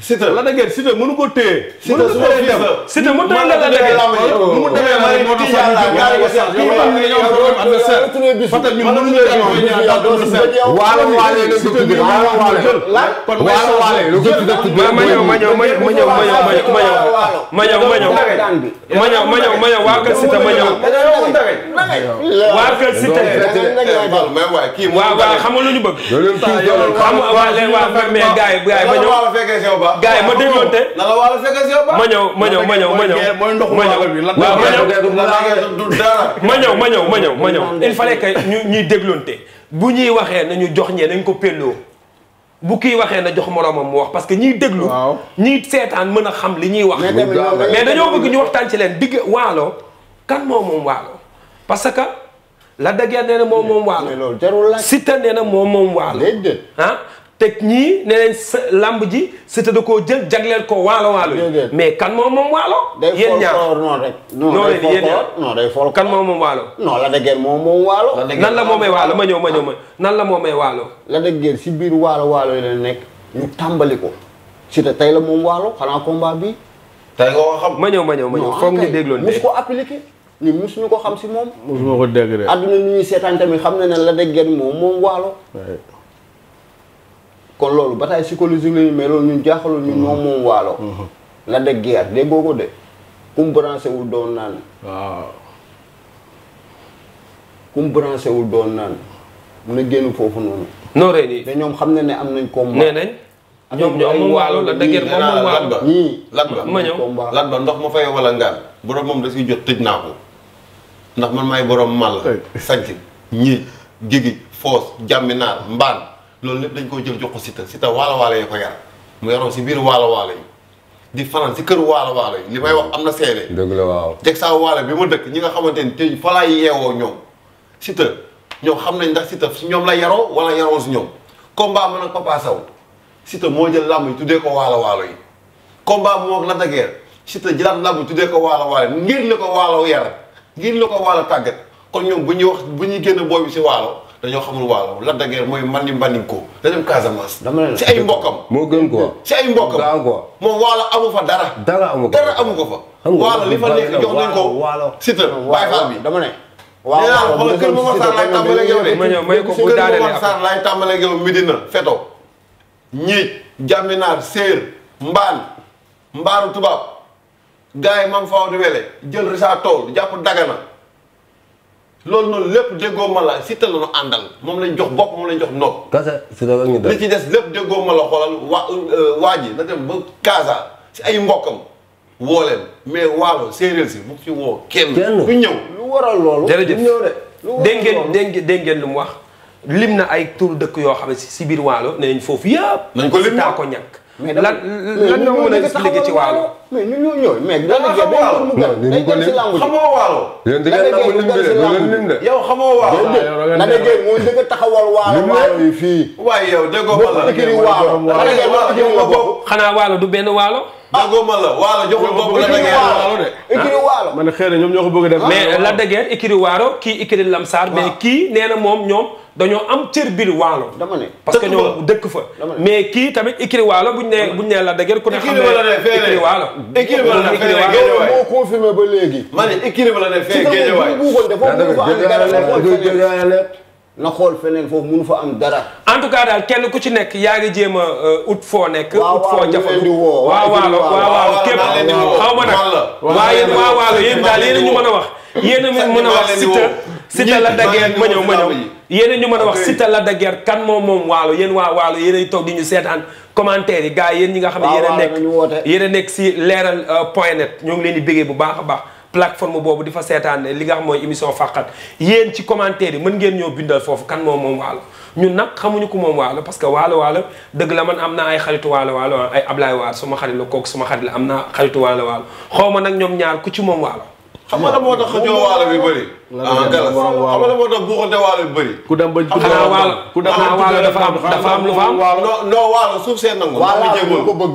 Siteu la da ngeen Siteu mënu ko téye. Siteu su ma fi dem Siteu mu tënk la déggee mu mu demee ma ne kii yàlla gars yi ko seet kii man mii ñoom ñoom am na seet Fatal ñun mënuñu leen ñoom ñaar daal doon seet. waalo waale la ko tuddee waalo waale kon waalo waale la ko tuddee ma ñëw ma ñëw ma ñëw ma ñëw ma ñëw ma ñëw ma ñëw ma ñëw ma ñëw ma ñëw waa kër Siteu ma ñëw. waa kër Siteu. waaw waaw xam nga lu ñu bëgg. xam waa leen waa mais gars yi gars yi ma ñëw. ba gars yi ma dégloonte la la wala fekk ma ñëw ma ñëw ma ñëw ma ñëw mooy ndoxu waagal bi la [laughs] ma ñëw ma ñëw ma ñëw ma ñëw il fallait que ñu ñuy dégloonte bu ñuy waxee na ñu jox ñee nañ ko pelloo bu kii waxee na jox moroomam mu wax parce que ñuy déglu ñiy seetaan mën a xam li ñuy wax mais dañoo bëgg ñu waxtaan ci leen digg waalo kan moo moom waalo parce que la de Guiers nee na moom moom waalo Siteu nee na moo moom waalo ah teg ñii ne leen làmb ji Siteu da koo jël jagleel ko waalo waalo yi mais kan moom moom waalo yéen ñaar non rek non leen kan moom moom waalo non la dëggeer moom moom waalo nan la moomee waalo ma ñëw ma ñëw ma nan la moomee waalo la dëggeer si biir waalo waalo yi la nekk ñu tàmbali ko si Siteu tey la moom waalo xanaa komba bi tey nga ko xam ma ñëw ma ñëw ma ñëw foog ñu dégloon mus ko appliqué ñu mus ñu ko xam si moom mus ma ko dégg de adduna ñu ñuy seetaan tamit xam na ne la dëggeer moom moom waalo kon loolu bataille psychologique la ñu mais loolu ñun jaaxalul ñu ñoom moom waalo la de guerre de ko de kum branché wul doon naan waaw kum branché wul doon naan na génn foofu noonu non rey nii te ñoom xam ne ne am nañ combat nee nañ ñoom ñoom moom waalo la de guerre moom moom waalo ñii lat ba moom da siy jot tëj naa ko ndax man maay borom màll sanc ñi gigi foos jàmmi naar mbaan loolu lépp dañ koo jël jox ko Siteu Siteu waalo waalo yi ko yar mu yaroon si biir waalo waalo yi di fanaan si kër waalo waalo yi li may wax am na seede dëgg la waaw jeg saa waalo bi ma dëkk ñi nga xamante ni te fa laay yeewoo ñoom Siteu ñoom xam nañ ndax Siteu si ñoom la yaroo wala yaroon si ñoom combat mën ak Papa Sow Siteu moo jël làmb tuddee ko waalo waalo yi combat bu moom la dageer Siteu jëlaat làmb tuddee ko waalo waalo ngir la ko waalo yar ngir la ko waalo tàggat kon ñoom bu ñuy wax bu ñuy génn booy bi si waalo dañoo xamul waalo Lac de mooy mandi mbandikoo da dem Casamance. dama ne si ay mbokkam. moo gën quoi si ay mbokkam. moo quoi moom waalo amu fa dara. dara amu ko fa amu ko fa. waalo li fa nekk jox ko waalo Siteu Baye bi dama ne. waaw waaw mu a si Kër Momar Sarr laay tàmbaleeg yow Medina Feto. ñiij jàmminaar séer mbaan mbaaru tubaab gars yi mam faaw di wele jël risaa tool jàpp dagana loolu noonu lépp déggoo ma la Siteu la ñu àndal moom lañ jox bopp moom lañ jox nopp. kasa si la ñu li ci des lépp déggoo ma la xoolal euh, waa ji na dem ba kaasa si ay mbokkam woo mais waalo séeréer si bu ci woo kenn. kenn du ñëw lu waral loolu. jërëjëf ñëw de lu waral loolu dégg ngeen lu mu wax. lim na ay tur dëkk yoo xam ne si biir waalo nee nañ foofu yëpp. nañ ko lim ko ñàkk. mais lan lan nga mën a expliquer ci waalo. mais ñun ñoo ñëw mais. da nga xamoo waalo. yéen da ngeen amul lim bi lim de. yow xamoo waalo. na de Gueye moo njëkk a taxawal waalo. waalo yi fii. waaye yow déggoo ma la. bokkul kii waalo. xanaa waalo du benn waalo. Dago ma la la dëgg waalo de. Ikiri xëy na ñoom ñoo ko bëgg a def. mais la dëgg Ikiri waalo kii Ikiri Lamsaar. mais kii nee na moom ñoom dañoo am cër biir waalo. dama parce que ñoom dëkk fa. mais kii tamit Ikiri waalo bu nee buñ nee la dëgg ku ne xam ne Ikiri waalo. Ikiri waalo la moo confirmé ba léegi. ma ne Ikiri waalo la fee géejewaay. na xool feneen foofu mënu fa am dara. en tout daal kenn ku ci nekk yaa ngi jéem a euh, ut foo nekk. waaw waaw foo jafandu waaw waaw waaw waaw képp xaw ma nag. waaye waaw waaw yéen daal yéen a ñu mën a wax. yéen a mën a wax Siteu. Siteu la daggéer ma ñëw ma ñëw. yéen ñu mën a wax Siteu la daggéer kan moom moom yéen waa waalo yéen ay toog di ñu seetaan commentaire yi gars yéen ñi nga xam ne yéen a nekk yéen a nekk si leeral euh, point net ñoo ngi leen di bégee bu baax a baax plateforme boobu di fa seetaan li nga xam mooy émission fàqat yéen ci commentaire yi mën ngeen ñoo bindal foofu kan moom moom waalo ñun nag xamuñu ko moom waalo parce que waalo waalo dëgg la man am naa ay xaritu waalo waalo ay Ablaye Waar sama xarit sama xarit la am naa xaritu waalo waalo xaw ma nag ñoom ñaar ku ci moom waalo xam nga la moo tax xëjoo waalo bi bëri ah galas xam nga la moo tax buuxante waalo bi bëri ku dem ba xanaa waalo ku dem ba waalo dafa am dafa am lu fa am non waalo suuf seen nangu ndox mi ko bëgg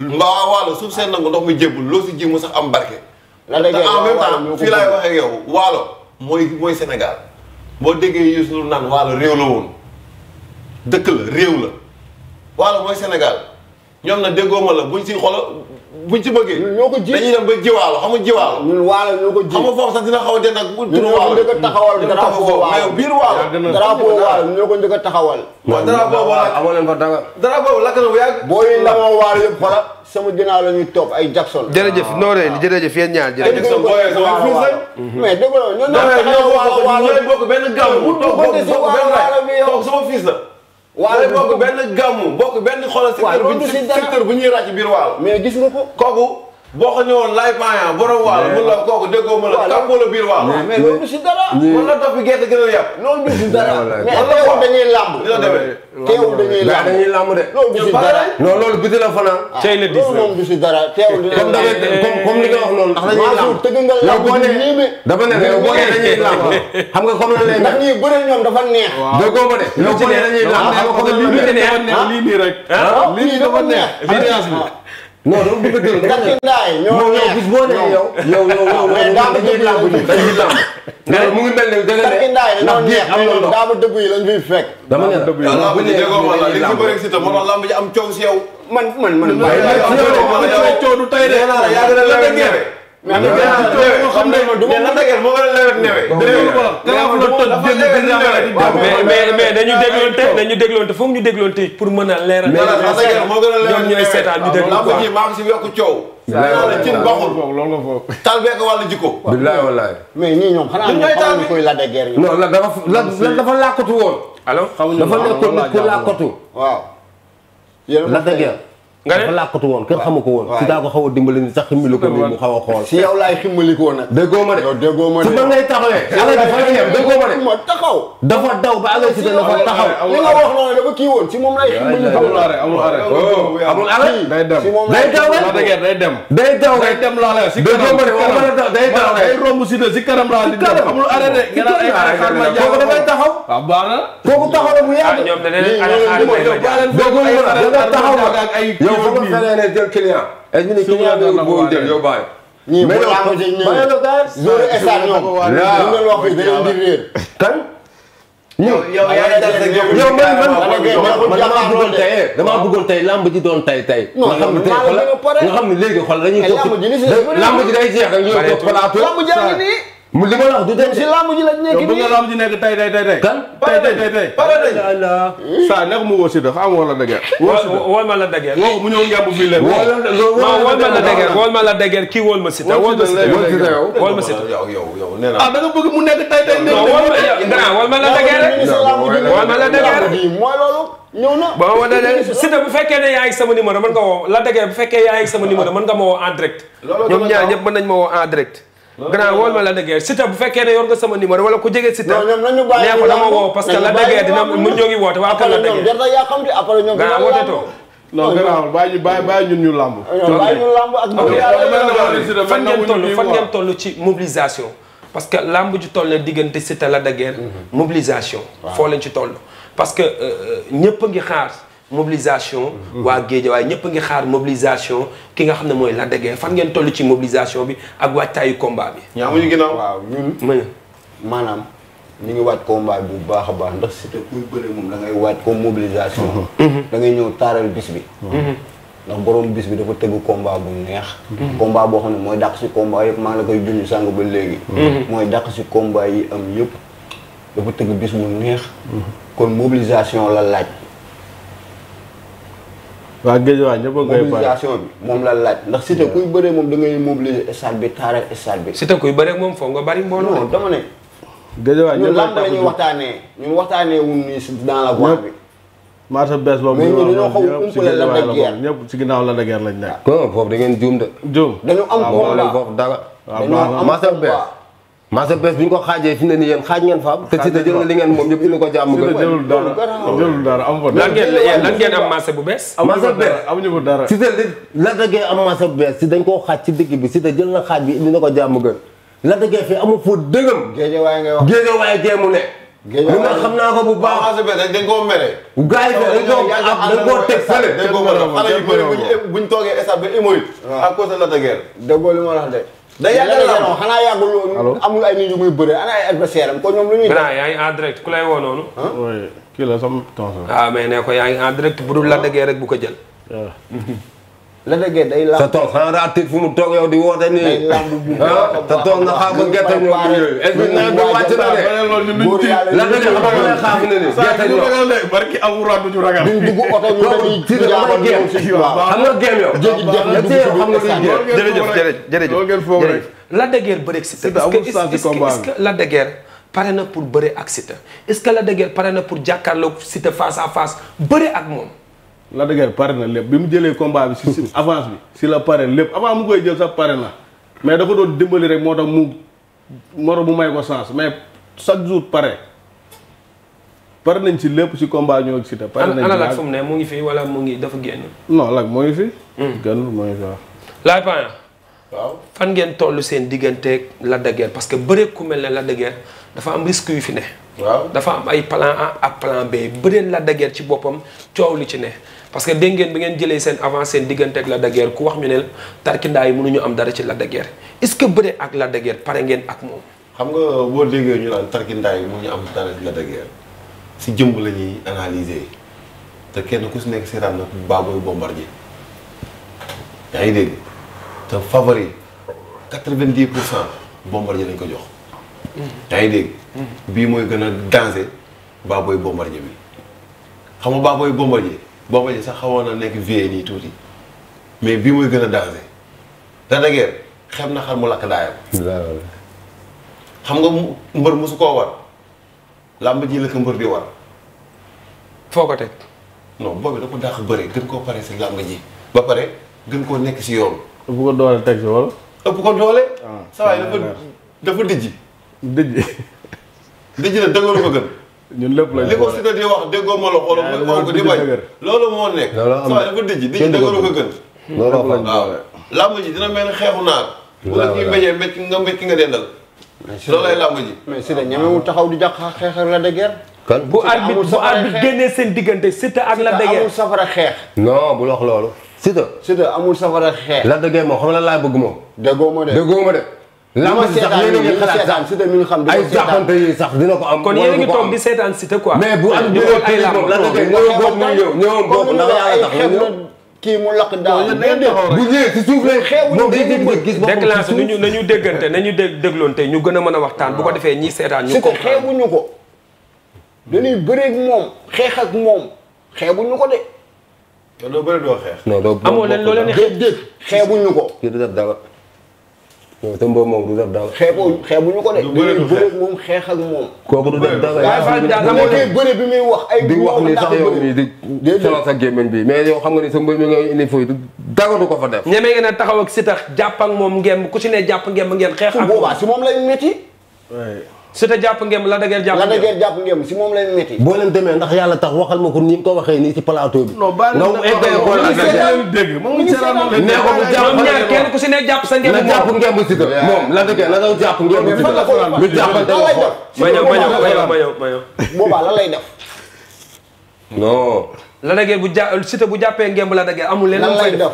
mbaa waalo seen nangu ndox mi jébul loo si ji sax am barke la dëgg en même temps fii laay waxee yow waalo mooy mooy Sénégal boo déggee Youssou Ndour naan waalo réew la woon dëkk la réew la waalo mooy Sénégal ñoom na déggoo ma la buñ si xolo bu ci bëggee. ñoo ko ji dañuy dem ba jiwaalo xam nga jiwaalo. ñun waalo ñoo ko ji xam sax dina xaw a jënd ak. turu waalo ñoo ko njëkk a taxawal. drapeau waalo biir waalo. drapeau ñoo ko njëkk a taxawal. waaw drapeau waalo amoo leen lakk na bu yàgg. boo yi ndamoo waalo yëpp xoolal sama ginnaaw la ñuy topp ay Jackson. jërëjëf Nooré jërëjëf yéen ñaar jërëjëf. ay mhm. mais dëgg la ñoo bokk benn gàmm. bokk benn waalo bi yow sama fils la waaye bokk benn gàmmu bokk benn xoolal secteur bu ñuy ràcc biir waal mais gis nga ko kooku boo ko ñëwoon lay maayaa borom waalo mun la kooku déggoo ma la kàppoo la biir waalo mais loolu dara mun la topp gerte gën a yàpp loolu du de loolu du si dara non loolu biti la fanaan tey la dis dara teewul dina comme comme li nga wax noonu ndax dañuy làmb tëgg nga làmb boo ne ñii mi dafa ne boo ne dañuy làmb xam nga comme la lay ndax ñuy bëre ñoom dafa neex déggoo ma de lu ci ne dañuy làmb ah, lu ci non dama bëgg a déglu ndax ndaay ñoo neex bis boo nee yow. yow yow yow mais daamu dëgg laa bëgg dañuy làmb. mais mu ngi mel ne da nga ne ndaay dañoo neex mais daamu dëgg yi lañ fiy fekk. dama ne la làmb ji déggoo ma la li fi bëri si te moo tax làmb ji am coow si yow. man man man. waaye nag am coow du tey de. yaa ngi la la ngeen mais nag xam nga dina dëgër moo gën a lewet newee. mais mais dañu dégloonte dañu dégloonte foog ñu dégloonte pour mën a leeral. mais ñoom ñooy seetaan ñu déglu quoi. maa ngi si yokk coow. la cin baxul loolu la foofu. tal beeg wàllu jikko. bilaay walaay. mais ñii ñoom xanaa ñoom xamuñu koy la de guerre. non la dafa la dafa làkkatu woon. alors xamuñu dafa nekkoon ko làkkatu. waaw. la de guerre nga ne dafa làqatu woon kenn xamu ko woon. si daa ko xaw a dimbali ni sax ximmali ko ni mu xaw a xool. si yow laay ximmali ko nag. déggoo ma de yow déggoo ma de su ma ngay taxawee. ala ji fa yem déggoo ma de ma taxaw. dafa daw ba ala ji dafa taxaw. li nga wax noonu dafa kii woon si moom laay ximmali ko. amul arrêt amul arrêt amul arrêt day dem si moom day daw rek day dem. day daw rek day dem laa lay si kanam day daw rek day romb si de si kanam laa di dem amul arrêt de. nga naan ay xaar xaar ma jaaw kooku dafay taxaw. waaw ah, baax na. kooku taxaw la bu ah, yàgg. ñoom da leen ay xaar yow ba nga feneen jël client. est eh, ñu ne client bi boo jël yow bàyyi. ñii bu làmb ji ñëw loolu état ñoom. waaw li ngeen wax bi réer. kan. yow yow yaa dal sa yow man man man damaa bëggoon tey eh, damaa bëggoon tey làmb ji doon tey tey. nga xam ne tey xoolal nga xam ne léegi xool dañuy toog làmb ji day jeex rek ñuy toog plateau. mu li ma wax du dem si làmb ji lañ nekk nii làmb ji nekk tey tey tey tey. kan tey tey tey tey. saa nekk mu woo si de xam wala dëgër. woo ma la dëgër. woo mu ñëw njàmb fii leen. woo ma la dëgër woo ma la dëgër kii woo ma si. woo ma si de woo ma si de yow yow yow nee naa. ah da nga bëgg mu nekk tey tey. non woo ma grand woo ma la dëgër rek. woo ma la dëgër mooy loolu. ñëw na ba ma wane si bu fekkee ne yaa ngi sama numéro mën nga woo la dëgër bu fekkee yaa ngi sama numéro mën nga ma woo en direct. ñoom ñaar ñëpp mën nañ ma woo en direct Oh. grand wool ma la dëggeer Siteu bu fekkee ne yor nga sama numéro wala ku jege Siteu nee ko dama woo parce que la dëggeer dina mu ñoo woote waa kër la dëggeer grand woote too non ñun ñu làmb. bàyyi fan ngeen tollu fan ngeen toll ci mobilisation. parce que làmb ju toll na diggante Siteu la dëggeer mhm. mobilisation. foo leen ci toll parce que euh, euh, ñëpp a ngi xaar. mobilisation. Mhm. waa Géejawaay ñëpp ngi xaar mobilisation ki nga xam ne mooy Lac de fan ngeen toll ci mobilisation bi ak waajtaayu combat bi. ñaaw ñu ginnaaw waaw ñun. maanaam ñu ngi waaj combat bu baax a baax ndax Siteu kuy bëre moom da ngay waaj comme mobilisation. Mhm. Mhm. da ngay ñëw taaral bis bi. ndax borom bis bi dafa tëgg combat bu neex. combat boo xam ne mooy dàq si combat yëpp maa ngi la koy junj sàng ba léegi. mooy dàq si combat yi am yëpp dafa tëgg bis mobilisation la laaj. waa géej waa ñëpp a koy moom la laaj ndax Siteu kuy bëree moom da ngay mobiliser bi taaral stade bi. Siteu kuy bëree moom foog nga bari mbooloo. non dama ne. géej waa ñun lamb la ñuy waxtaanee ñun waxtaanee wu nii si dans la voie bi. marché bees boobu ñu ngi wax ñëpp si ginnaaw la ñëpp si ginnaaw la da guerre lañ nekk. non foofu da ngeen juum de. juum dañu am ah, combat waaw waaw waaw marché bees. marché bees bi ñu ko xaajee fi ne nii yéen xaaj ngeen fa am. te si te jël li a jëlul dara fa bu bees. marché dara. si te am marché bu bees si dañ koo xaaj ci digg bi si te jël na xaaj bi indi na ko jàmm gën. la dëggee fii amul fu dëgëm. géejewaay ngay ne. géejewaay xam naa ko bu baax. marché bees dañ dañ koo mere. koo am dañ koo teg fële. dañ koo mën a xale yu bëri bu ñu toogee stade ba émoyit à cause de la guerre. déggoo li ma wax de da yàggal la xanaa yàggul amul ay nit yu muy bëre ana ay adversaire am ko ñoom lu ñuy def yaa ngi en direct ku lay woo noonu kii la sam tonton ah mais ne ko yaa ngi en direct bu du la dëggee rek bu ko jël ah. [laughs] la dëggee day lamb te toog xanaa daa tiit fu mu toog yow di woote nii. day lamb bu te toog na xaar ba gerte ñëw bu ñëwee. est-ce que nawet bi wàcc na de. buur yàlla la dëggee xam nga xaar na ni. gerte ñëw saa yi barki awuraat du ñu ragal. duñ dugg oto ñu dañuy ci jaaxal ñëw si si waaw xam nga géem yow. jéggi jéggi dugg si biir xam nga jërëjëf jërëjëf jërëjëf. la dëggee bëri si te est-ce que la dëggee pare na pour bëre ak Siteu est-ce que la dëggee pare na pour jàkkaarloo Siteu face à face bëre ak moom la dëgër pare na lépp bi mu jëlee combat bi si si [laughs] avance bi si la pare lépp avant mu koy jël sax pare na mais dafa doon dimbali rek moo tax mu moo tax mu may ko sens mais chaque jour pare pare nañ si lépp ci combat ñoo si te pare nañ ana lak fu mu ne mu ngi fi wala mu ngi dafa génn non lak moo ngi fi hmm. gënul moo ngi fi wax laay waaw fan ngeen toll seen digganteeg Lac de Guiers parce que bëre ku mel ne Lac de dafa am risque yu fi waaw dafa am ay plan A ak plan B bëre Lac de Guiers ci boppam coow li ci ne parce que dégg ngeen bi ngeen jëlee seen avance seen diggante ak Lac de Guiers ku wax ñu ne tarkindaa yi ñu am dara ci la de Guiers ce que bëre ak Lac de Guiers pare ngeen ak moom. xam nga boo déggee ñu naan tarkindaa yi ñu am dara ci Lac de Guiers si jëmb la ñuy analyser te kenn ku si nekk si rànn baaboy bombardier yaa ngi dégg te favori 90 pour cent bombardier lañ ko jox. Mm-hmm. yaa ngi dégg. Mm-hmm. bii mooy gën a danger baaboy bombardier bi xam nga baaboy bombardier. booba ji sax xawoon na nekk vieille nii tuuti mais bi muy gën a danger da xem na xar mu lakk daayam xam nga mbër mosu koo war làmb ji la ko mbër di war foo ko teg non boobu da ko dàq bëre gën koo pare si làmb ji ba pare gën koo nekk si yoon ëpp ko doole teg si wala ëpp ko doole ah, saa waay dafa dafa dijji dijji dijji na dëngaru ko gën ñun lépp lañ. li ko si di wax déggoo ma la xoolal nga ko di bañ. loolu moo nekk. loolu am na dafa dijji dijji dëggalu ko gën. loolu làmb ji dina mel ni xeexu naar. nga mbéj ki nga dendal. loolu lay làmb ji. mais si la taxaw di jàq xeex ak la de guerre. kan bu arbitre bu arbitre génnee seen diggante sita ak la de guerre amul safara xeex. non bul wax loolu. Siteu. Siteu amul safara xeex. la de guerre moom xam la laay bëgg moom. déggoo ma de. lama seetaan yi seetaan Siteu mi xam ay jàppante sax dina ko kon yéen a ngi toog seetaan si quoi. mais bu am déggoo ay làmb moom kii mu lakk daaw bu ñëwee ci suuf lay xew moom day dégg dégg gis boppam ñu gën a mën a waxtaan bu ko defee ñi seetaan ñu ko xeebuñu ko dañuy bëreeg moom xeex ak moom xeebuñu ko de doo bëri doo xeex amoo leen loo leen xeebuñu ko non Tëmba moom du def dara. xeexoo xeexuñu ko de. du bëri bëri moom xeex ak moom. kooku du def dara yaa ngi bëri bi muy wax. ay di wax ni sax yow bi mais yow xam nga ni sa mbir mi ngay indi fooy dara du ko fa def. ñeme ngeen a taxaw ak sitax tax ak moom ngeen ku si ne jàpp ngeen xeex ak. su moom si moom lay métti. Siteu jàpp ngem la dageer jàpp ngem la dageer jàpp ngem si moom lay métti. boo leen demee ndax yàlla tax waxal ma ko ni nga ko waxee nii ci plateau bi. non baal nañ la ko wax moom ñu la ko ñaar kenn ku si ne jàpp moom la dageer na nga jàpp ngem Siteu ñu jàppante lay def. non. la dageer bu ja Siteu bu jàppee ngem la dageer amul leen. lan lay def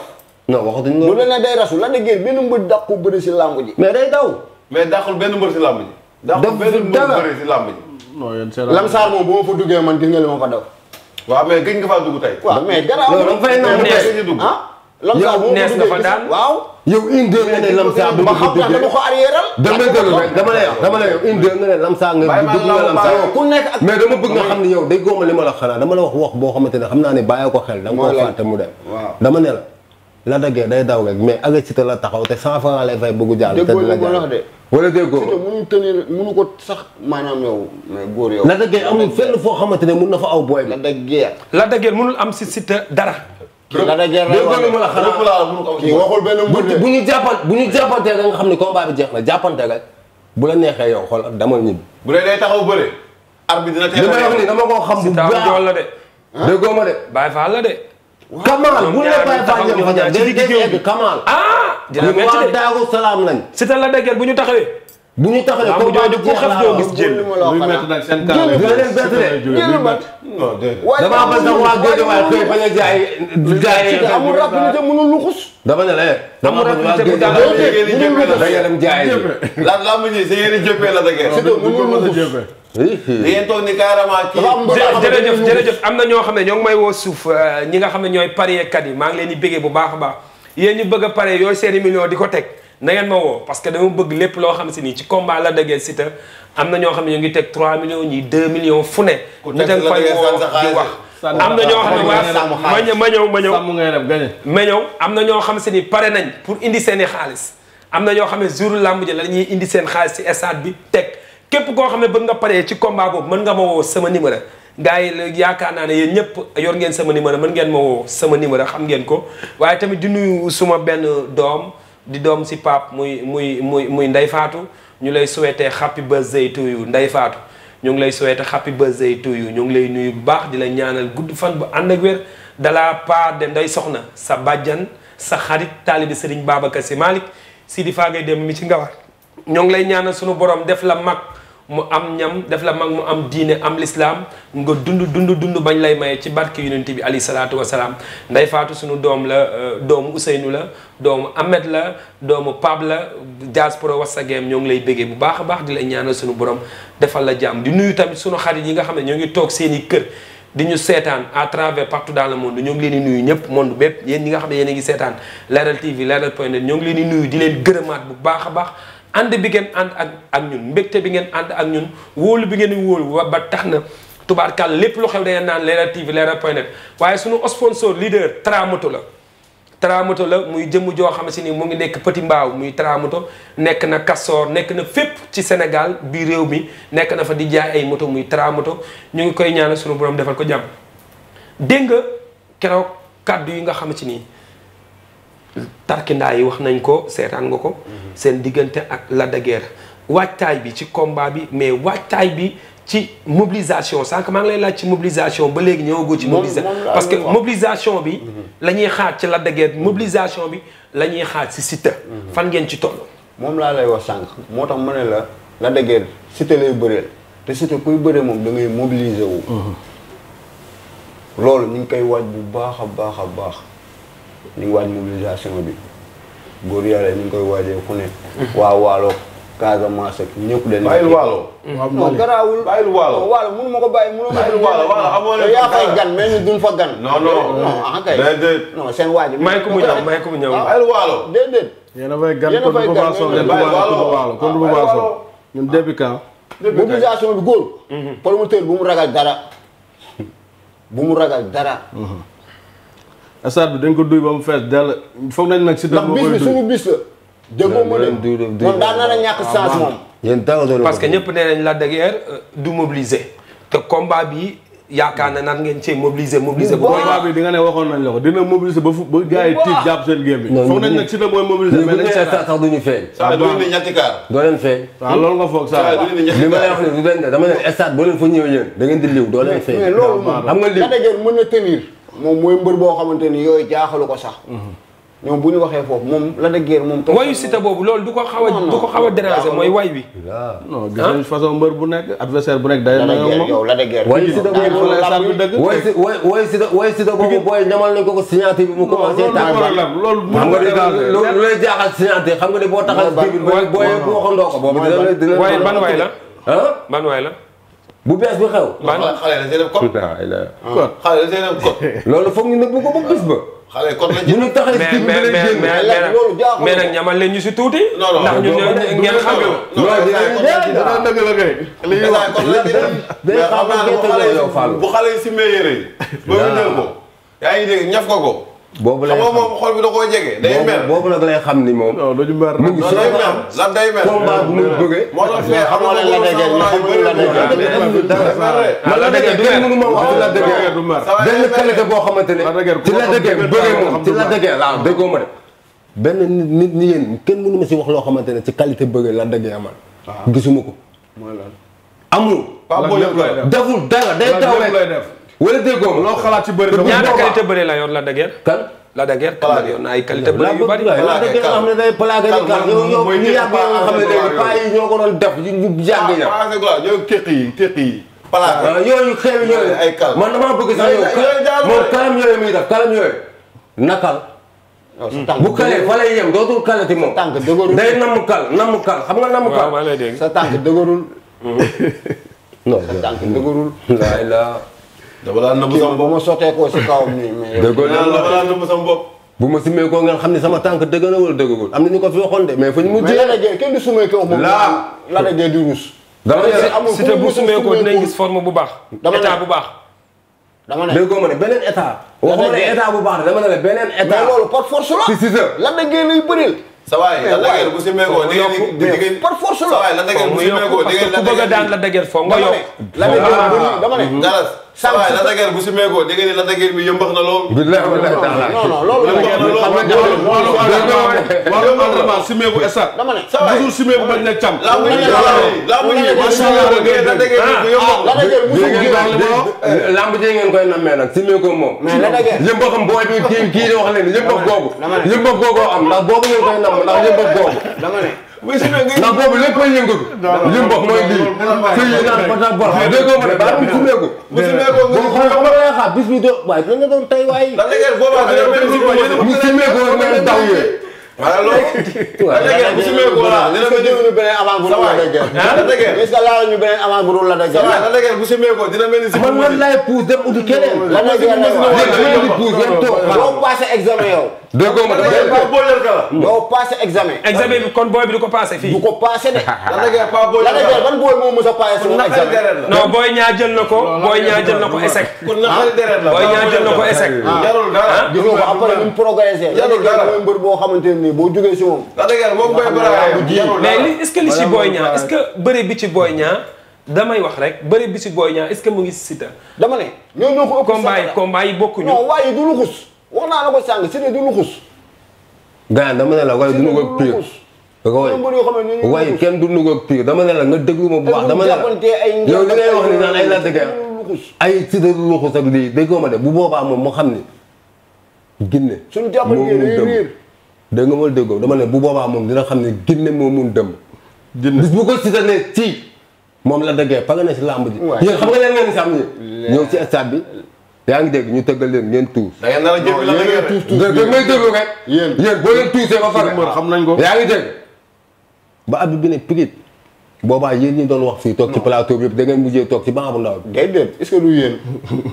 non waxatuñ loolu. lu leen ne day rasu la dageer benn mbër dàqu bëri si làmb ji. mais day daw. mais dàqul benn mbër si làmb ji def dara si làmb ji lamsaar moom bu ma fa duggee man gis nga waaw mais gëj mais garaaw loolu fay naan nees dugg ah nees nga ne lamsaar bu ma xam na dama ko arriéral dama déglu rek dama lay wax dama lay yow une deux nga ne lamsaar nga dugg nga lamsaar ku nekk ak mais dama bëgg nga day góoma li ma la xanaa dama la wax wax boo xamante ne xam naa ne bàyyi ko xel da nga koo fàtte mu dem dama ne la la daggee day daw rek mais agacité la taxaw te cent francs lay fay bëgg jàll te la jàll wala déggoo Siteu mënu tenir mënu ko sax maanaam yow. mais góor yow. Lac de Guiers amul fenn foo xamante ne mun na fa aw booy bi. Lac de Guiers. Lac de Guiers mënul am si Siteu dara. Lac de Guiers lay wax la waxul benn mbir bu ñu jàppante bu ñu jàppante rek nga xam ne combat bi jeex na jàppante rek bu la neexee yow xool dama ñibbi. bu dee day taxaw bëre. arbitre dina teel a li may dama koo xam bu baax. déggoo ma de. Baye Fall la de. Kamal bu ne Baye Fall ñëpp fa dem day egg Kamal. ah dina metti de Daaru Salaam lañ. si ta la dëgg bu ñu taxawee. bu ñu taxalee combat bi jeex la waaw muy métti nag seen kanam yi. jël bët jël bët. damaa bëgg nag waa Géeja waaye xëy bañ a jaay. jaay amul rapidité mënul luxus. dama ne la dama bëgg waa Géeja waaye dem jaay la la mu ñuy si yéen a jëppee la da ngeen. surtout mënul luxus. da ngeen toog ni carrément kii. jërëjëf jërëjëf am na ñoo xam ne ñoo ngi may woo suuf euh, ñi nga xam ne ñooy parier kat yi maa ngi leen di bégee bu baax a baax yéen ñu bëgg a pare yooyu seeni million di ko teg na ngeen ma woo parce que dama bëgg lépp loo xam si nii ci combat la dëggee si te am na ñoo xam ne ñu ngi teg 3 millions ñi 2 millions fu ne. ñoo xam ne ma ñëw ma ñëw am na ñoo xam si ni pare nañ pour indi seen i xaalis am na ñoo xam ne jour làmb ji la ñuy indi seen xaalis si stade bi teg képp koo xam ne bëgg nga paree ci combat boobu mën nga ma woo sama numéro gars yi yaakaar naa ne yéen ñëpp yor ngeen sama numéro mën ngeen ma woo sama numéro xam ngeen ko waaye tamit di nuyu suma benn doom di doom si Pape muy muy muy muy Ndeye ñu lay souhaiter happy birthday to you Ndeye Fatou ñu ngi lay souhaiter happy birthday to you ñu ngi lay nuyu bu baax di la ñaanal gudd fan bu ànd ak wér de la de Ndeye Soxna sa bàjjan sa xarit taalibi Serigne Babacar Sy Malick Sidi Faagay dem mi ci nga ñoo ngi lay ñaanal sunu borom def la mag. mu am ñam def la mag mu am diine am lislaam nga dund dund dund bañ lay maye ci barke yonent bi alayhi salaatu wasalaam nday faatu suñu doom la euh, doomu Ousseynou la doomu Ahmed la doomu Paab la diaspora Wassagem ñoo ngi lay bëggee bu baax a baax di la ñaanal suñu borom defal la jàmm di nuyu tamit suñu xarit yi nga xam ne ñoo ngi toog seeni kër di ñu seetaan à travers partout dans le monde ñoo ngi leen di nuyu ñëpp monde bépp ñi nga xam ne yéen a ngi seetaan Leral TV ñoo ngi leen di nuyu di leen gërëmaat bu baax ànd bi ngeen ànd ak ak ñun mbégte bi ngeen ànd ak ñun wóolu bi ngeen wóolu ba tax na tubaarkàll lépp lu xew da naan Leral TV Leral point net waaye suñu sponsor leader Tramoto la Tramoto la muy jëmm joo xam si ni mu ngi nekk Petit Mbaaw muy Tramoto nekk na Kastoor nekk na fépp ci Sénégal bi réew mi nekk na fa di jaay ay moto muy Tramoto ñu ngi koy ñaan sunu borom defal ko jàmm dégg nga keroog kàddu yi nga xam si nii tarkindaa yi wax nañ ko seetaan nga ko. Mhm. seen diggante ak Lac de Guiers waajtaay bi ci combat bi mais waajtaay bi ci mobilisation sànq maa ngi lay laaj ci mobilisation ba léegi ñëwagoo ci. mobilisation parce que mhm. mhm. mobilisation bi. la ñuy xaar ci Lac de mobilisation bi la ñuy xaar si Siteu. fan ngeen ci toll. moom laa lay wax sànq moo tax ma ne la Lac de Guiers Siteu lay bëreel te Siteu kuy bëree moom da ngay mobiliser wu. loolu ñu ngi koy waaj bu baax a baax a baax. ñu ngi waaj mobilisation bi góor yàlla ñu ngi koy waajee fu ne. waa Waalo Casamance ak ñëpp leen. Mm-hmm. bàyyil Waalo. non garaawul bàyyil Waalo. Waalo mënu ma ko bàyyi mënu ma ko mu ñëw ah. a fay gan kon a fay gan kon du ko baasoo ah, ñun ah. depuis quand. Mm-hmm. bu mu ragal dara mm-hmm. bu mu ragal dara. stade bi dañ ko duy ba mu fees dell foog nañ nag. si dëkk boobu ndax bi suñu bis la. déggoo ma de moom daan na la ñàkk chance moom. parce que ñëpp nee nañ la derrière euh, du mobiliser te combat bi. yaakaar na nan ngeen cee mobiliser mobiliser. bi di nga ne waxoon nañ la ko dina mobiliser ba fu ba gars yi tiit jàpp seen géem bi. foog nañ nag si la mooy mobiliser. mais dañ see ah, loolu nga foog saa du leen ñetti kaar li ma ñëwee yéen da di liw doo feeñ. loolu moom xam nga liw mën na tenir. moom mooy mbër boo xamante ni yooyu jaaxalu ko sax. ñoom bu ñu waxee foofu moom la de guerre moom. wayu Siteu boobu loolu du ko xaw a du ko xaw a déranger mooy way bi. non gis ah? nañ façon mbër bu nekk adversaire bu nekk. day na yow la de guerre wayu Siteu boobu booy ñamal nañ ko ko signature bi mu commencé. tànn loolu xam nga de loolu lay jaaxal signature xam nga de boo taxal. booy booy boo waxandoo ko boobu dina la dina la ban waay la. waay la. bu bees bu xew. ban xale la seen code. Ah. xale la seen code. loolu foog ñu nëbbu ko ba bés ba. xale code la jël bu ñu taxee si bi leen génn. mais nag ñamal leen ñu si tuuti. non non ndax ñun ngeen xam. non non non non non boobu lay xam moom xol bi da koo jege. boobu nag lay xam ni moom. non du ñu mu ngi si lan day mel. combat bu muy jógee. moo tax fee xam nga la dégg ñu la dégg. kenn mënu ma wax la dégg. benn qualité boo xamante ne ci la dégg bëggee moom ci la dégg laa ma de. benn nit ñi kenn mënu ma si wax loo xamante ne ci qualité bëggee la dégg amal. waaw gisuma ko. amul. deful dara day dawee wala déggoo loo xalaat ci bëri la ñaata qualité bëri la yor la dëgër kan la dëgër kan yor na ay qualité bëri yu bari la dëgër xam ne day plaqué ni kan yow ñu yàgg nga xam ne day paa yi ñoo ko doon def ñu yàgg ña ah, yow téq yi téq yi plaqué ah, yooyu xeew yooyu ay kal man damaa bëgg sax yow moom kalam yooyu muy def kalam yooyu nakal mm. bu kalee fa lay yem dootul kalati moom tànk dëgërul day namm kal namm kal xam nga namm kal sa tànk dëgërul non mm. [laughs] sa tànk dëgërul la dama daan nëbb sama bopp ba ma sotteekoo si kawam bu ma simee ko nga xam ne sama tànk dëgg na wala dëggul am na ñu ko fi waxoon de mais fu ñu mujjee. mais Lada Gueye kenn du sumee ko wax moom. laa dama ne Siteu bu sumee ko dinañ gis form bu baax. dama état bu baax. dama ne déggoo ma ne beneen état. waxuma ne état bu baax dama ne la beneen état. mais loolu par force la. si Siteu Lada Gueye lay bëril. sa bu Lada Gueye bu simee ko dégg par force la. sa waay Lada Gueye bu simee ko dégg nga Lada Gueye ku bëgg a daan Lada Gueye foo nga yokk. dama ne sànq waaye Lac de Guiers bu si méngoo dégg nga ni Lac de Guiers bi yëmbax na lool. bilaay bilaay taala non non loolu la ngeen doon xam nga loolu loolu wàllu entraînement si méngu estat. dama ne saa waay musul si méngu bañ na cam. laamu ñu laamu ñu macha allah Lac de Guiers bi yëmbax. Ah, Lac de Guiers musul gi nag lamb ji ngeen koy nammee nag si méngu moom. mais Lac de Guiers yëmbaxam booy bi kii kii wax leen yëmbax googu. dama ne yëmbax googu am ndax boobu ngeen koy namm ndax yëmbax googu. dama ne. ndax boobu lépp a yëngatu. li mu bokk mooy lii. kii yi naan ko naan bor xam dégg nga ma ne balaa muy summeeku. bis bi doon waaye nga doon tey waaye. da ngay booba nga doon summeeku nga daw yee. wala loolu. waaw da ngay gis nga góor dina ko jël beneen avance bu dul la dëgg. ah la dëgg est-ce que laal ñu beneen avance bu dul la dëgg. waaw la dëgg bu sumee ko dina mel ni. man man laay pousse dem uti keneen. la dëgg la waaw léegi dama di pousse ngeen toog. boo passé examen yow. dëgg la dëgg la boo booleel ka la. boo passé examen. examen bi kon booy bi du ko passé fii. du ko passé de. la dëgg la pas booleel ka la la dëgg ban booy moo mës a passé sama examen. non booy ñaa jël na ko. booy ñaa jël na ko échec. kon naqari deret la booy ñaa jël na ko échec. jarul dara. jarul dara après ñu progressé. jarul dara mbër boo xamante ne nii boo jógee si moom. wax dëgg yàlla moom Boy Brahima mais li bi ci Boy Niang damay wax rek bëre bi ci Boy Niang est ce que mu ngi Siteu. dama ne ñoo ñoo ko ëpp combat yi combat yi bokkuñu. non waaye du luxus wax la ko du luxus. gaañ dama ne la waaye du luxus pire. waaye kenn du luxus dama ne la nga déglu ma bu dama ne la yow ngay wax ni naan ay la dëgg ay Siteu moom moo xam ni. ginne. suñu jàppante dégg nga ma déggoo dama ne bu boobaa moom dina xam ne ne moo mun dem. génne bis bu ko si ne ci moom la dëggee pa nga ne si làmb ji. waay yéen xam nga leen ngeen si am ni ñëw si stade bi. yaa ngi dégg ñu tëggal leen ngeen tuus. da ngeen nar a jënd la da ngeen tuus tuus yéen may nañ ko yaa ngi dégg. ba abbi bi ne pigit boobaa yéen ñi doon wax fii toog ci plateau bi yëpp da ngeen mujjee toog ci banc bu ndaw bi. déedéet est-ce que du yéen.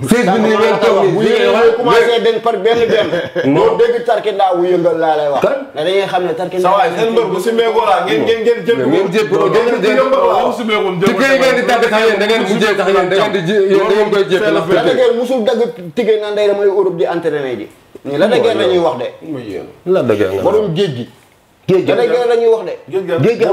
seize bi nii ngeen toog bu yéen mooy commencé dañ par benn benn. non dégg tarkindaa bu yëngal laa wax. da xam ne tarkindaa. sa waay seen mbër bu simeekoo laa ngeen ngeen ngeen jël. su meekoon di da ngeen mujjee da ngeen di ji yéen da ngeen koy jéem. la dëgg musul dagg tigee naan day damay di entraîné ji. la dëgg la ñuy wax de. la dëgg la borom géej gi géej gi lañuy wax de. géej gi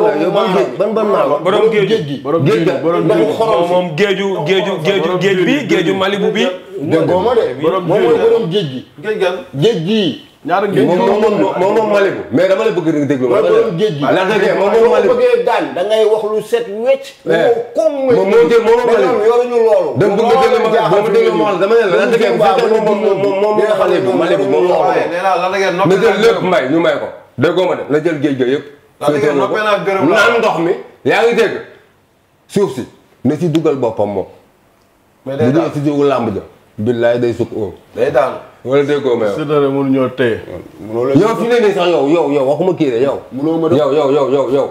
ban ban maanaam borom géej gi borom géej gi borom géej gi moom géeju géeju géeju géej bi géeju Malibu bi. déggoo ma de borom géej gi borom géej gi. géej gan géej gi. ñaar géej gi moom moom moom Malibu mais dama la bëgg déglu ma. borom géej gi ndax dëgg moom moom Malibu bëggee daan da ngay wax lu set wecc. moom moo jël moom Malibu yoruñu loolu. dama bëgg déglu ma boo ma déglu ma dama ne la dëgg moom moom moom Malibu Malibu moom moo ko. mais lépp may ñu may ko déggoo ma ne na jël géej ga yëpp. féetee na ko naan ndox mi yaa ngi dégg suuf si na si dugal boppam moom. mais day daal si jiwu làmb ja. billaay day sukk oo. day daal. wala déggoo ma yow si dara mënuñoo yow fi ne nii sax yow yow yow waxuma kii de yow. mënoo ma yow yow yow yow.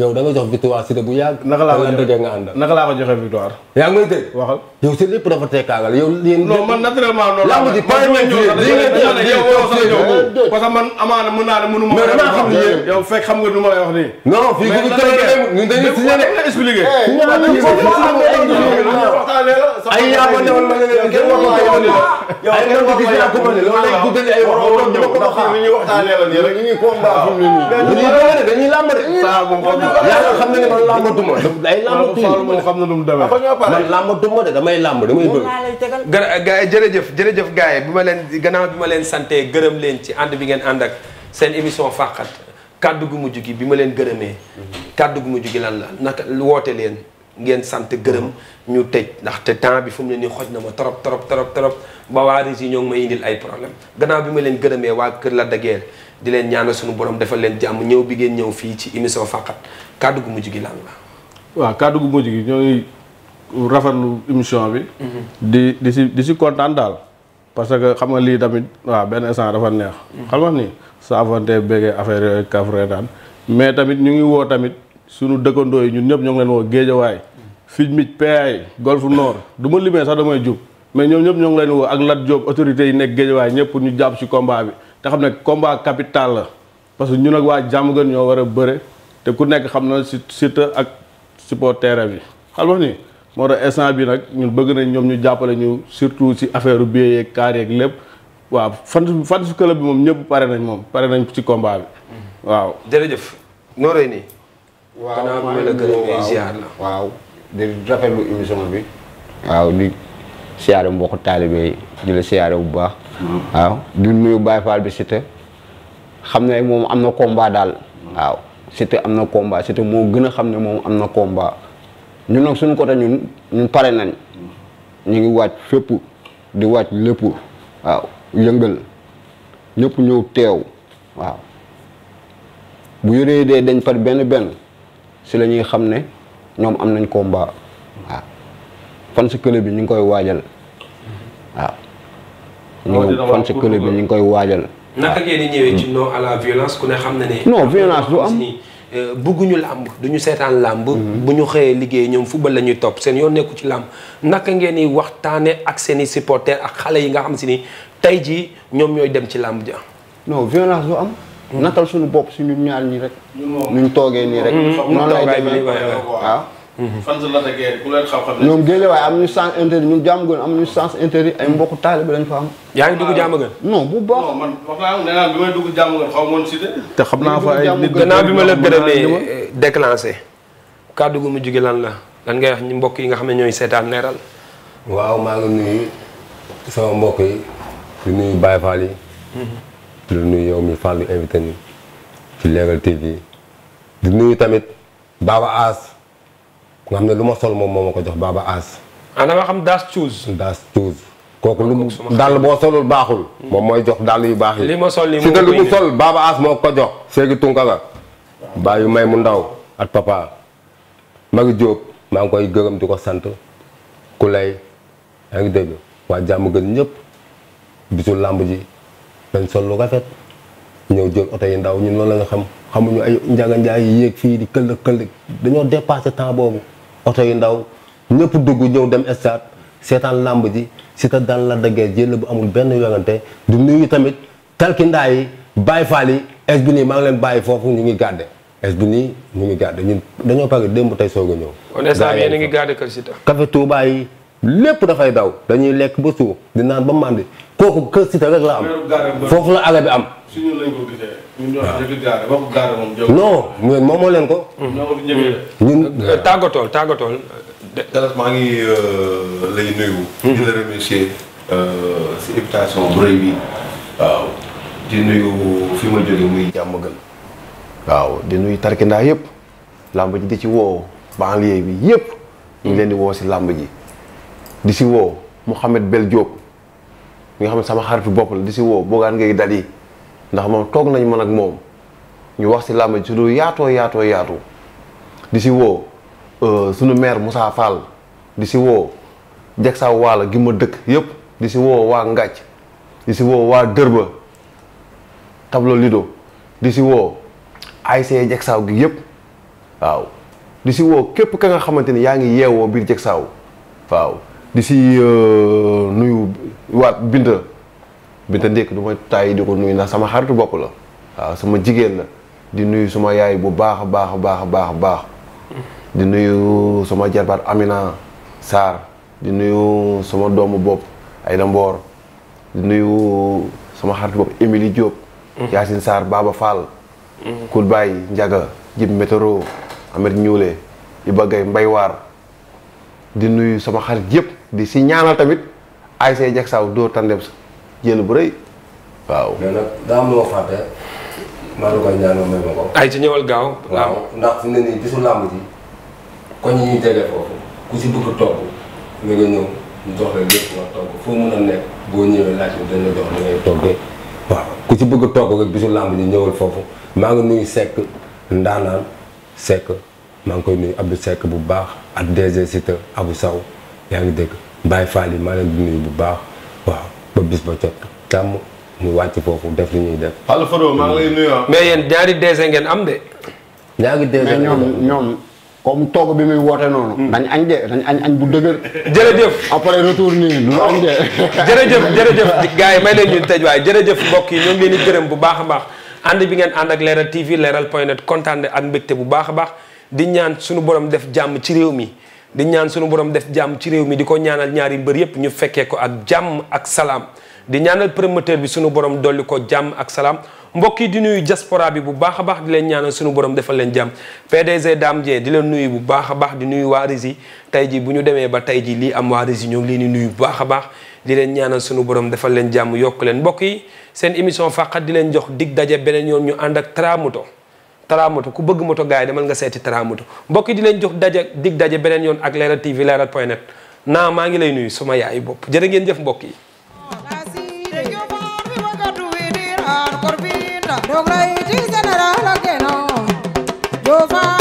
yow da nga jox victoire Siteu bu yàgg. naka laa ko joxe nga àndal naka laa ko joxe victoire. yaa ngi may dégg. waxal yow si lépp dafa teekaagal yow. yéen non man naturellement noonu laa ma ñëw parce que man amaana mën naa ne mënu ma. mais damaa xam ne yow fekk xam nga du ma lay wax nii. non fii ku ñu dañuy signé de expliqué. ay yaa ma newoon ma ne leen kenn waxul ko ni la. ay nangu gis naa ko ma ne loolu lay guddali ay wax. loolu dama ko waxee ñu ñuy waxtaanee la nii rek. ñu ngi combat fu mu ne nii. dañuy làmb de yàlla xam na ne man làmbatu ma. ay làmbatu moom xam na nu mu demee. man làmbatu ma de damay làmb damay bëgg. gars yi jërëjëf jërëjëf gars yi bi ma leen gannaaw bi ma leen santee gërëm leen ci ànd bi ngeen ànd ak seen émission fàqat kàddu gu mujj gi bi ma leen gërëmee. kàddu gu mujj gi lan la naka woote leen ngeen sant gërëm ñu tëj ndaxte temps bi fu mu ne nii xoj na ma trop trop trop trop ba waa région ñoo ngi may indil ay problème gannaaw bi ma leen gërëmee waa Kër la Daguerre di leen ñaanal suñu borom defal leen jàmm ñëw bi ngeen ñëw fii ci émission Faqat kàddu gu mujj gi lan la. waaw kàddu gu mujj gi ñoo ñooy rafetlu émission bi. Mhm. di di si di si kontaan daal. parce que xam nga lii tamit waa benn instant dafa neex. Mhm. xam nga ni saafante béggee affaire yooyu kafre daan mais tamit ñu ngi woo tamit suñu dëkkandoo yi ñun ñëpp ñoo ngi leen woo Géejawaay. Fidmich PAI Golf Nord du ma limee sax damay jub mais ñoom ñëpp ñoo ngi leen woo ak Lat Diop autorités yi nekk Géejawaay ñëpp ñu jàpp si combat bi. te xam ne combat capital la parce que ñun ak waa jàmm gën ñoo war a bëre te ku nekk xam na si Siteu ak supporter bi xam nga ni moo tax instant bi nag ñun bëgg nañ ñoom ñu jàppale ñu surtout si affaire billet yeeg kaar yeeg lépp waa fan fan su club bi moom ñëpp pare nañ moom pare nañ ci combat bi waaw. jërëjëf nooree nii. waaw bi. waaw di siyaare mbokk taalibe yi di siyaare bu baax. waaw di nuyu Baye Fall bi Siteu xam ne moom am na combat daal waaw Siteu am na combat Siteu moo gën a xam ne moom am na combat ñun nag suñu ko ñun ñun pare nañ ñu ngi wàcc fépp di lépp waaw yëngal teew waaw bu yëree dee dañ par benn benn si la xam ne ñoom am nañ combat waaw fan si club bi ñu ngi koy waajal waaw no ngi fan si club bi ñu ngi koy waajal. naka ngeen di ñëwee ci hmm. non à la violence ku ne xam na ne. non violence du am euh, bugguñu làmb duñu seetaan làmb. Hmm. bu ñu xëyee liggéey ñoom football la ñuy topp seen yoon nekku ci làmb naka ngeen di waxtaanee ak seen i ak xale yi nga xam si ni tey jii ñoom ñooy dem ci làmb ji am. violence du am. Hmm. natal suñu bopp suñu ñaar ñi rek. ñu toogee nii rek. noonu lay demee waaw. fan la la gërëm ku leen xam-xam. ñoom Guédiawaye am ñu sens interdit ñun Diamaguène am ñu sens interdit ay mbokku taaliba lañ fa am. yaa ngi dugg Diamaguène. non bu baax non man wax bi may dugg Diamaguène xaw te xam naa fa ay nit gannaaw bi ma la gërëmee déclenché kàddu gu mujj gi lan la lan ngay wax ñu mbokk yi nga xam ne ñooy seetaan leeral. waaw maa ngi nuyu sama mbokk yi di nuyu Baye Fall yi. di nuyu yow mi Fall invité ñu ci Leral TV di nuyu tamit Baba As. nga xam ne lu ma sol moom moo ma ko jox baaba As. ah da nga xam daas cuus. daas cuus kooku lu mu dàll boo solul baaxul. moom mooy jox dàll yu baax yi. ma sol li mu lu mu sol Baba As moo ko jox. Seegi Tunkara. bàyyi may mu ndaw ak papa. Magi Diop maa ngi koy gërëm di ko sant ku lay yaa ngi dégg waa jàmm gën ñëpp bisu làmb ji dañ sol lu rafet ñëw jël oto yi ndaw ñun loolu la nga xam xamuñu ay njaaga njaay yéeg fii di këll këll dañoo dépassé temps boobu. oto yu ndaw ñëpp dugg ñëw dem stade seetaan làmb ji Siteu daan la dëggee jël bu amul benn yoogante du nuyu tamit talkindaa yi bàyyi faal yi es nii maa ngi leen bàyyi foofu ñu ngi gàdde es bi nii ñu ngi gàdde ñun dañoo pare démb tey soog a ñëw. kon instant ngi gàdde kër Siteu. café Touba yi lépp dafay daw dañuy lekk ba di naan ba màndi kooku kër Siteu rek la am. foofu la ale bi am. suñu lañ ko moom. moo leen ko. ñun tàggatool euh, tàggatool. Galas maa ngi euh, lay hmm. euh, nuyu. fi ma jóge muy jàmm gën. waaw di nuyu tarkindaa yëpp làmb ji di ci woo banlieue bi yëpp ñu hmm. leen di woo si làmb ji di si woo Mouhamed Bel Diop. mi nga xam ne sama xaritu bopp la di si woo boogaan ngay dal ndax moom toog nañ man ak moom ñu wax si làmb ji su du yaatoo yaatoo yaatu di si woo euh, sunu maire Moussa Fall di si woo jeg saa waala gi ma dëkk yëpp di si woo waa Ngàcc di si woo waa Dërba di si woo ay see jeg saaw gi yëpp waaw di si woo képp ka nga xamante ni yaa ngi yeewoo biir jeg saaw waaw di si euh, nuyu waat bind Binta Ndéek du ma tàyyi di ko nuyu ndax sama xaritu bopp la waaw sama jigéen la di nuyu suma yaay bu baax a baax baax a baax baax di nuyu sama jarbaat Amina Sarr di nuyu sama doomu bopp na Mboor di nuyu sama xaritu bopp Émilie Diop mm-hmm. Yacine Sarr Baba Fall Kulbaay mm-hmm. Njaga Jib Météro Amet Ñuule Iba Gay Mbaywaar di nuyu sama xarit yëpp di si ñaanal tamit ASC Jaksaaw dóor tandem sa jël bu rëy waaw. mais nag daa am lu ma fàtte maa ngi koy ñaan may ma ko. ay ci ñëwal gaaw. waaw ndax fi mu ne nii bisu làmb ji koñ yi ñuy jege foofu ku si bëgg togg nga laaj bi dañ la jox li ku si bëgg togg rek bisu làmb ñëwal foofu maa ngi nuyu Seck ndaanaan Seck maa ngi koy nuyu Abdou Seck bu baax ak DG Cité Abou saw yaa ngi dégg. Baye Fall yi maa leen di bu baax waaw ba bis ba jot tàmm ñu wàcc foofu def li ñuy def. Alpha Fado maa ngi mais yéen ñaari dessin ngeen am de. ñaari dessin mais ñoom ñoom comme toog bi muy woote noonu. Hmm. dañ añ de dañ añ añ bu dëgër. jërëjëf après retour nii lu añ de. [laughs] jërëjëf jërëjëf gars yi may leen ñu tëj waaye jërëjëf mbokk yi ñoo ngi gërëm bu baax a baax ànd bi ngeen ànd ak leeral TV leeral point net kontaan ak mbégte bu baax a baax di ñaan suñu borom def jàmm ci réew mi di ñaan sunu borom def jàmm ci réew mi di ko ñaanal ñaari mbër yépp ñu fekkee ko ak jàmm ak salaam di ñaanal promoteur bi sunu borom dolli ko jàmm ak salaam mbokk yi di nuyu diaspora yi bu baax a baax di leen ñaanal sunu borom defal leen jàmm PDG Dame Dieng di leen nuyu bu baax a baax di nuyu waa Rési tey jii bu ñu demee ba tey jii lii am waa Rési ñoo ngi leen nuyu bu baax a baax di leen ñaanal sunu borom defal leen jàmm yokk leen mbokk yi seen émission fàqat di leen jox dig daje beneen yoon ñu ànd ak Tramoto taramoto ku bëgg moto gars yi demal nga seeti taramoto mbokk yi di leen jox daje dig daje beneen yoon ak leeral tv leeral point naa maa ngi lay nuyu suma yaay bopp jërë ngeen jëf mbokk yi Dogrei ti general ageno, yo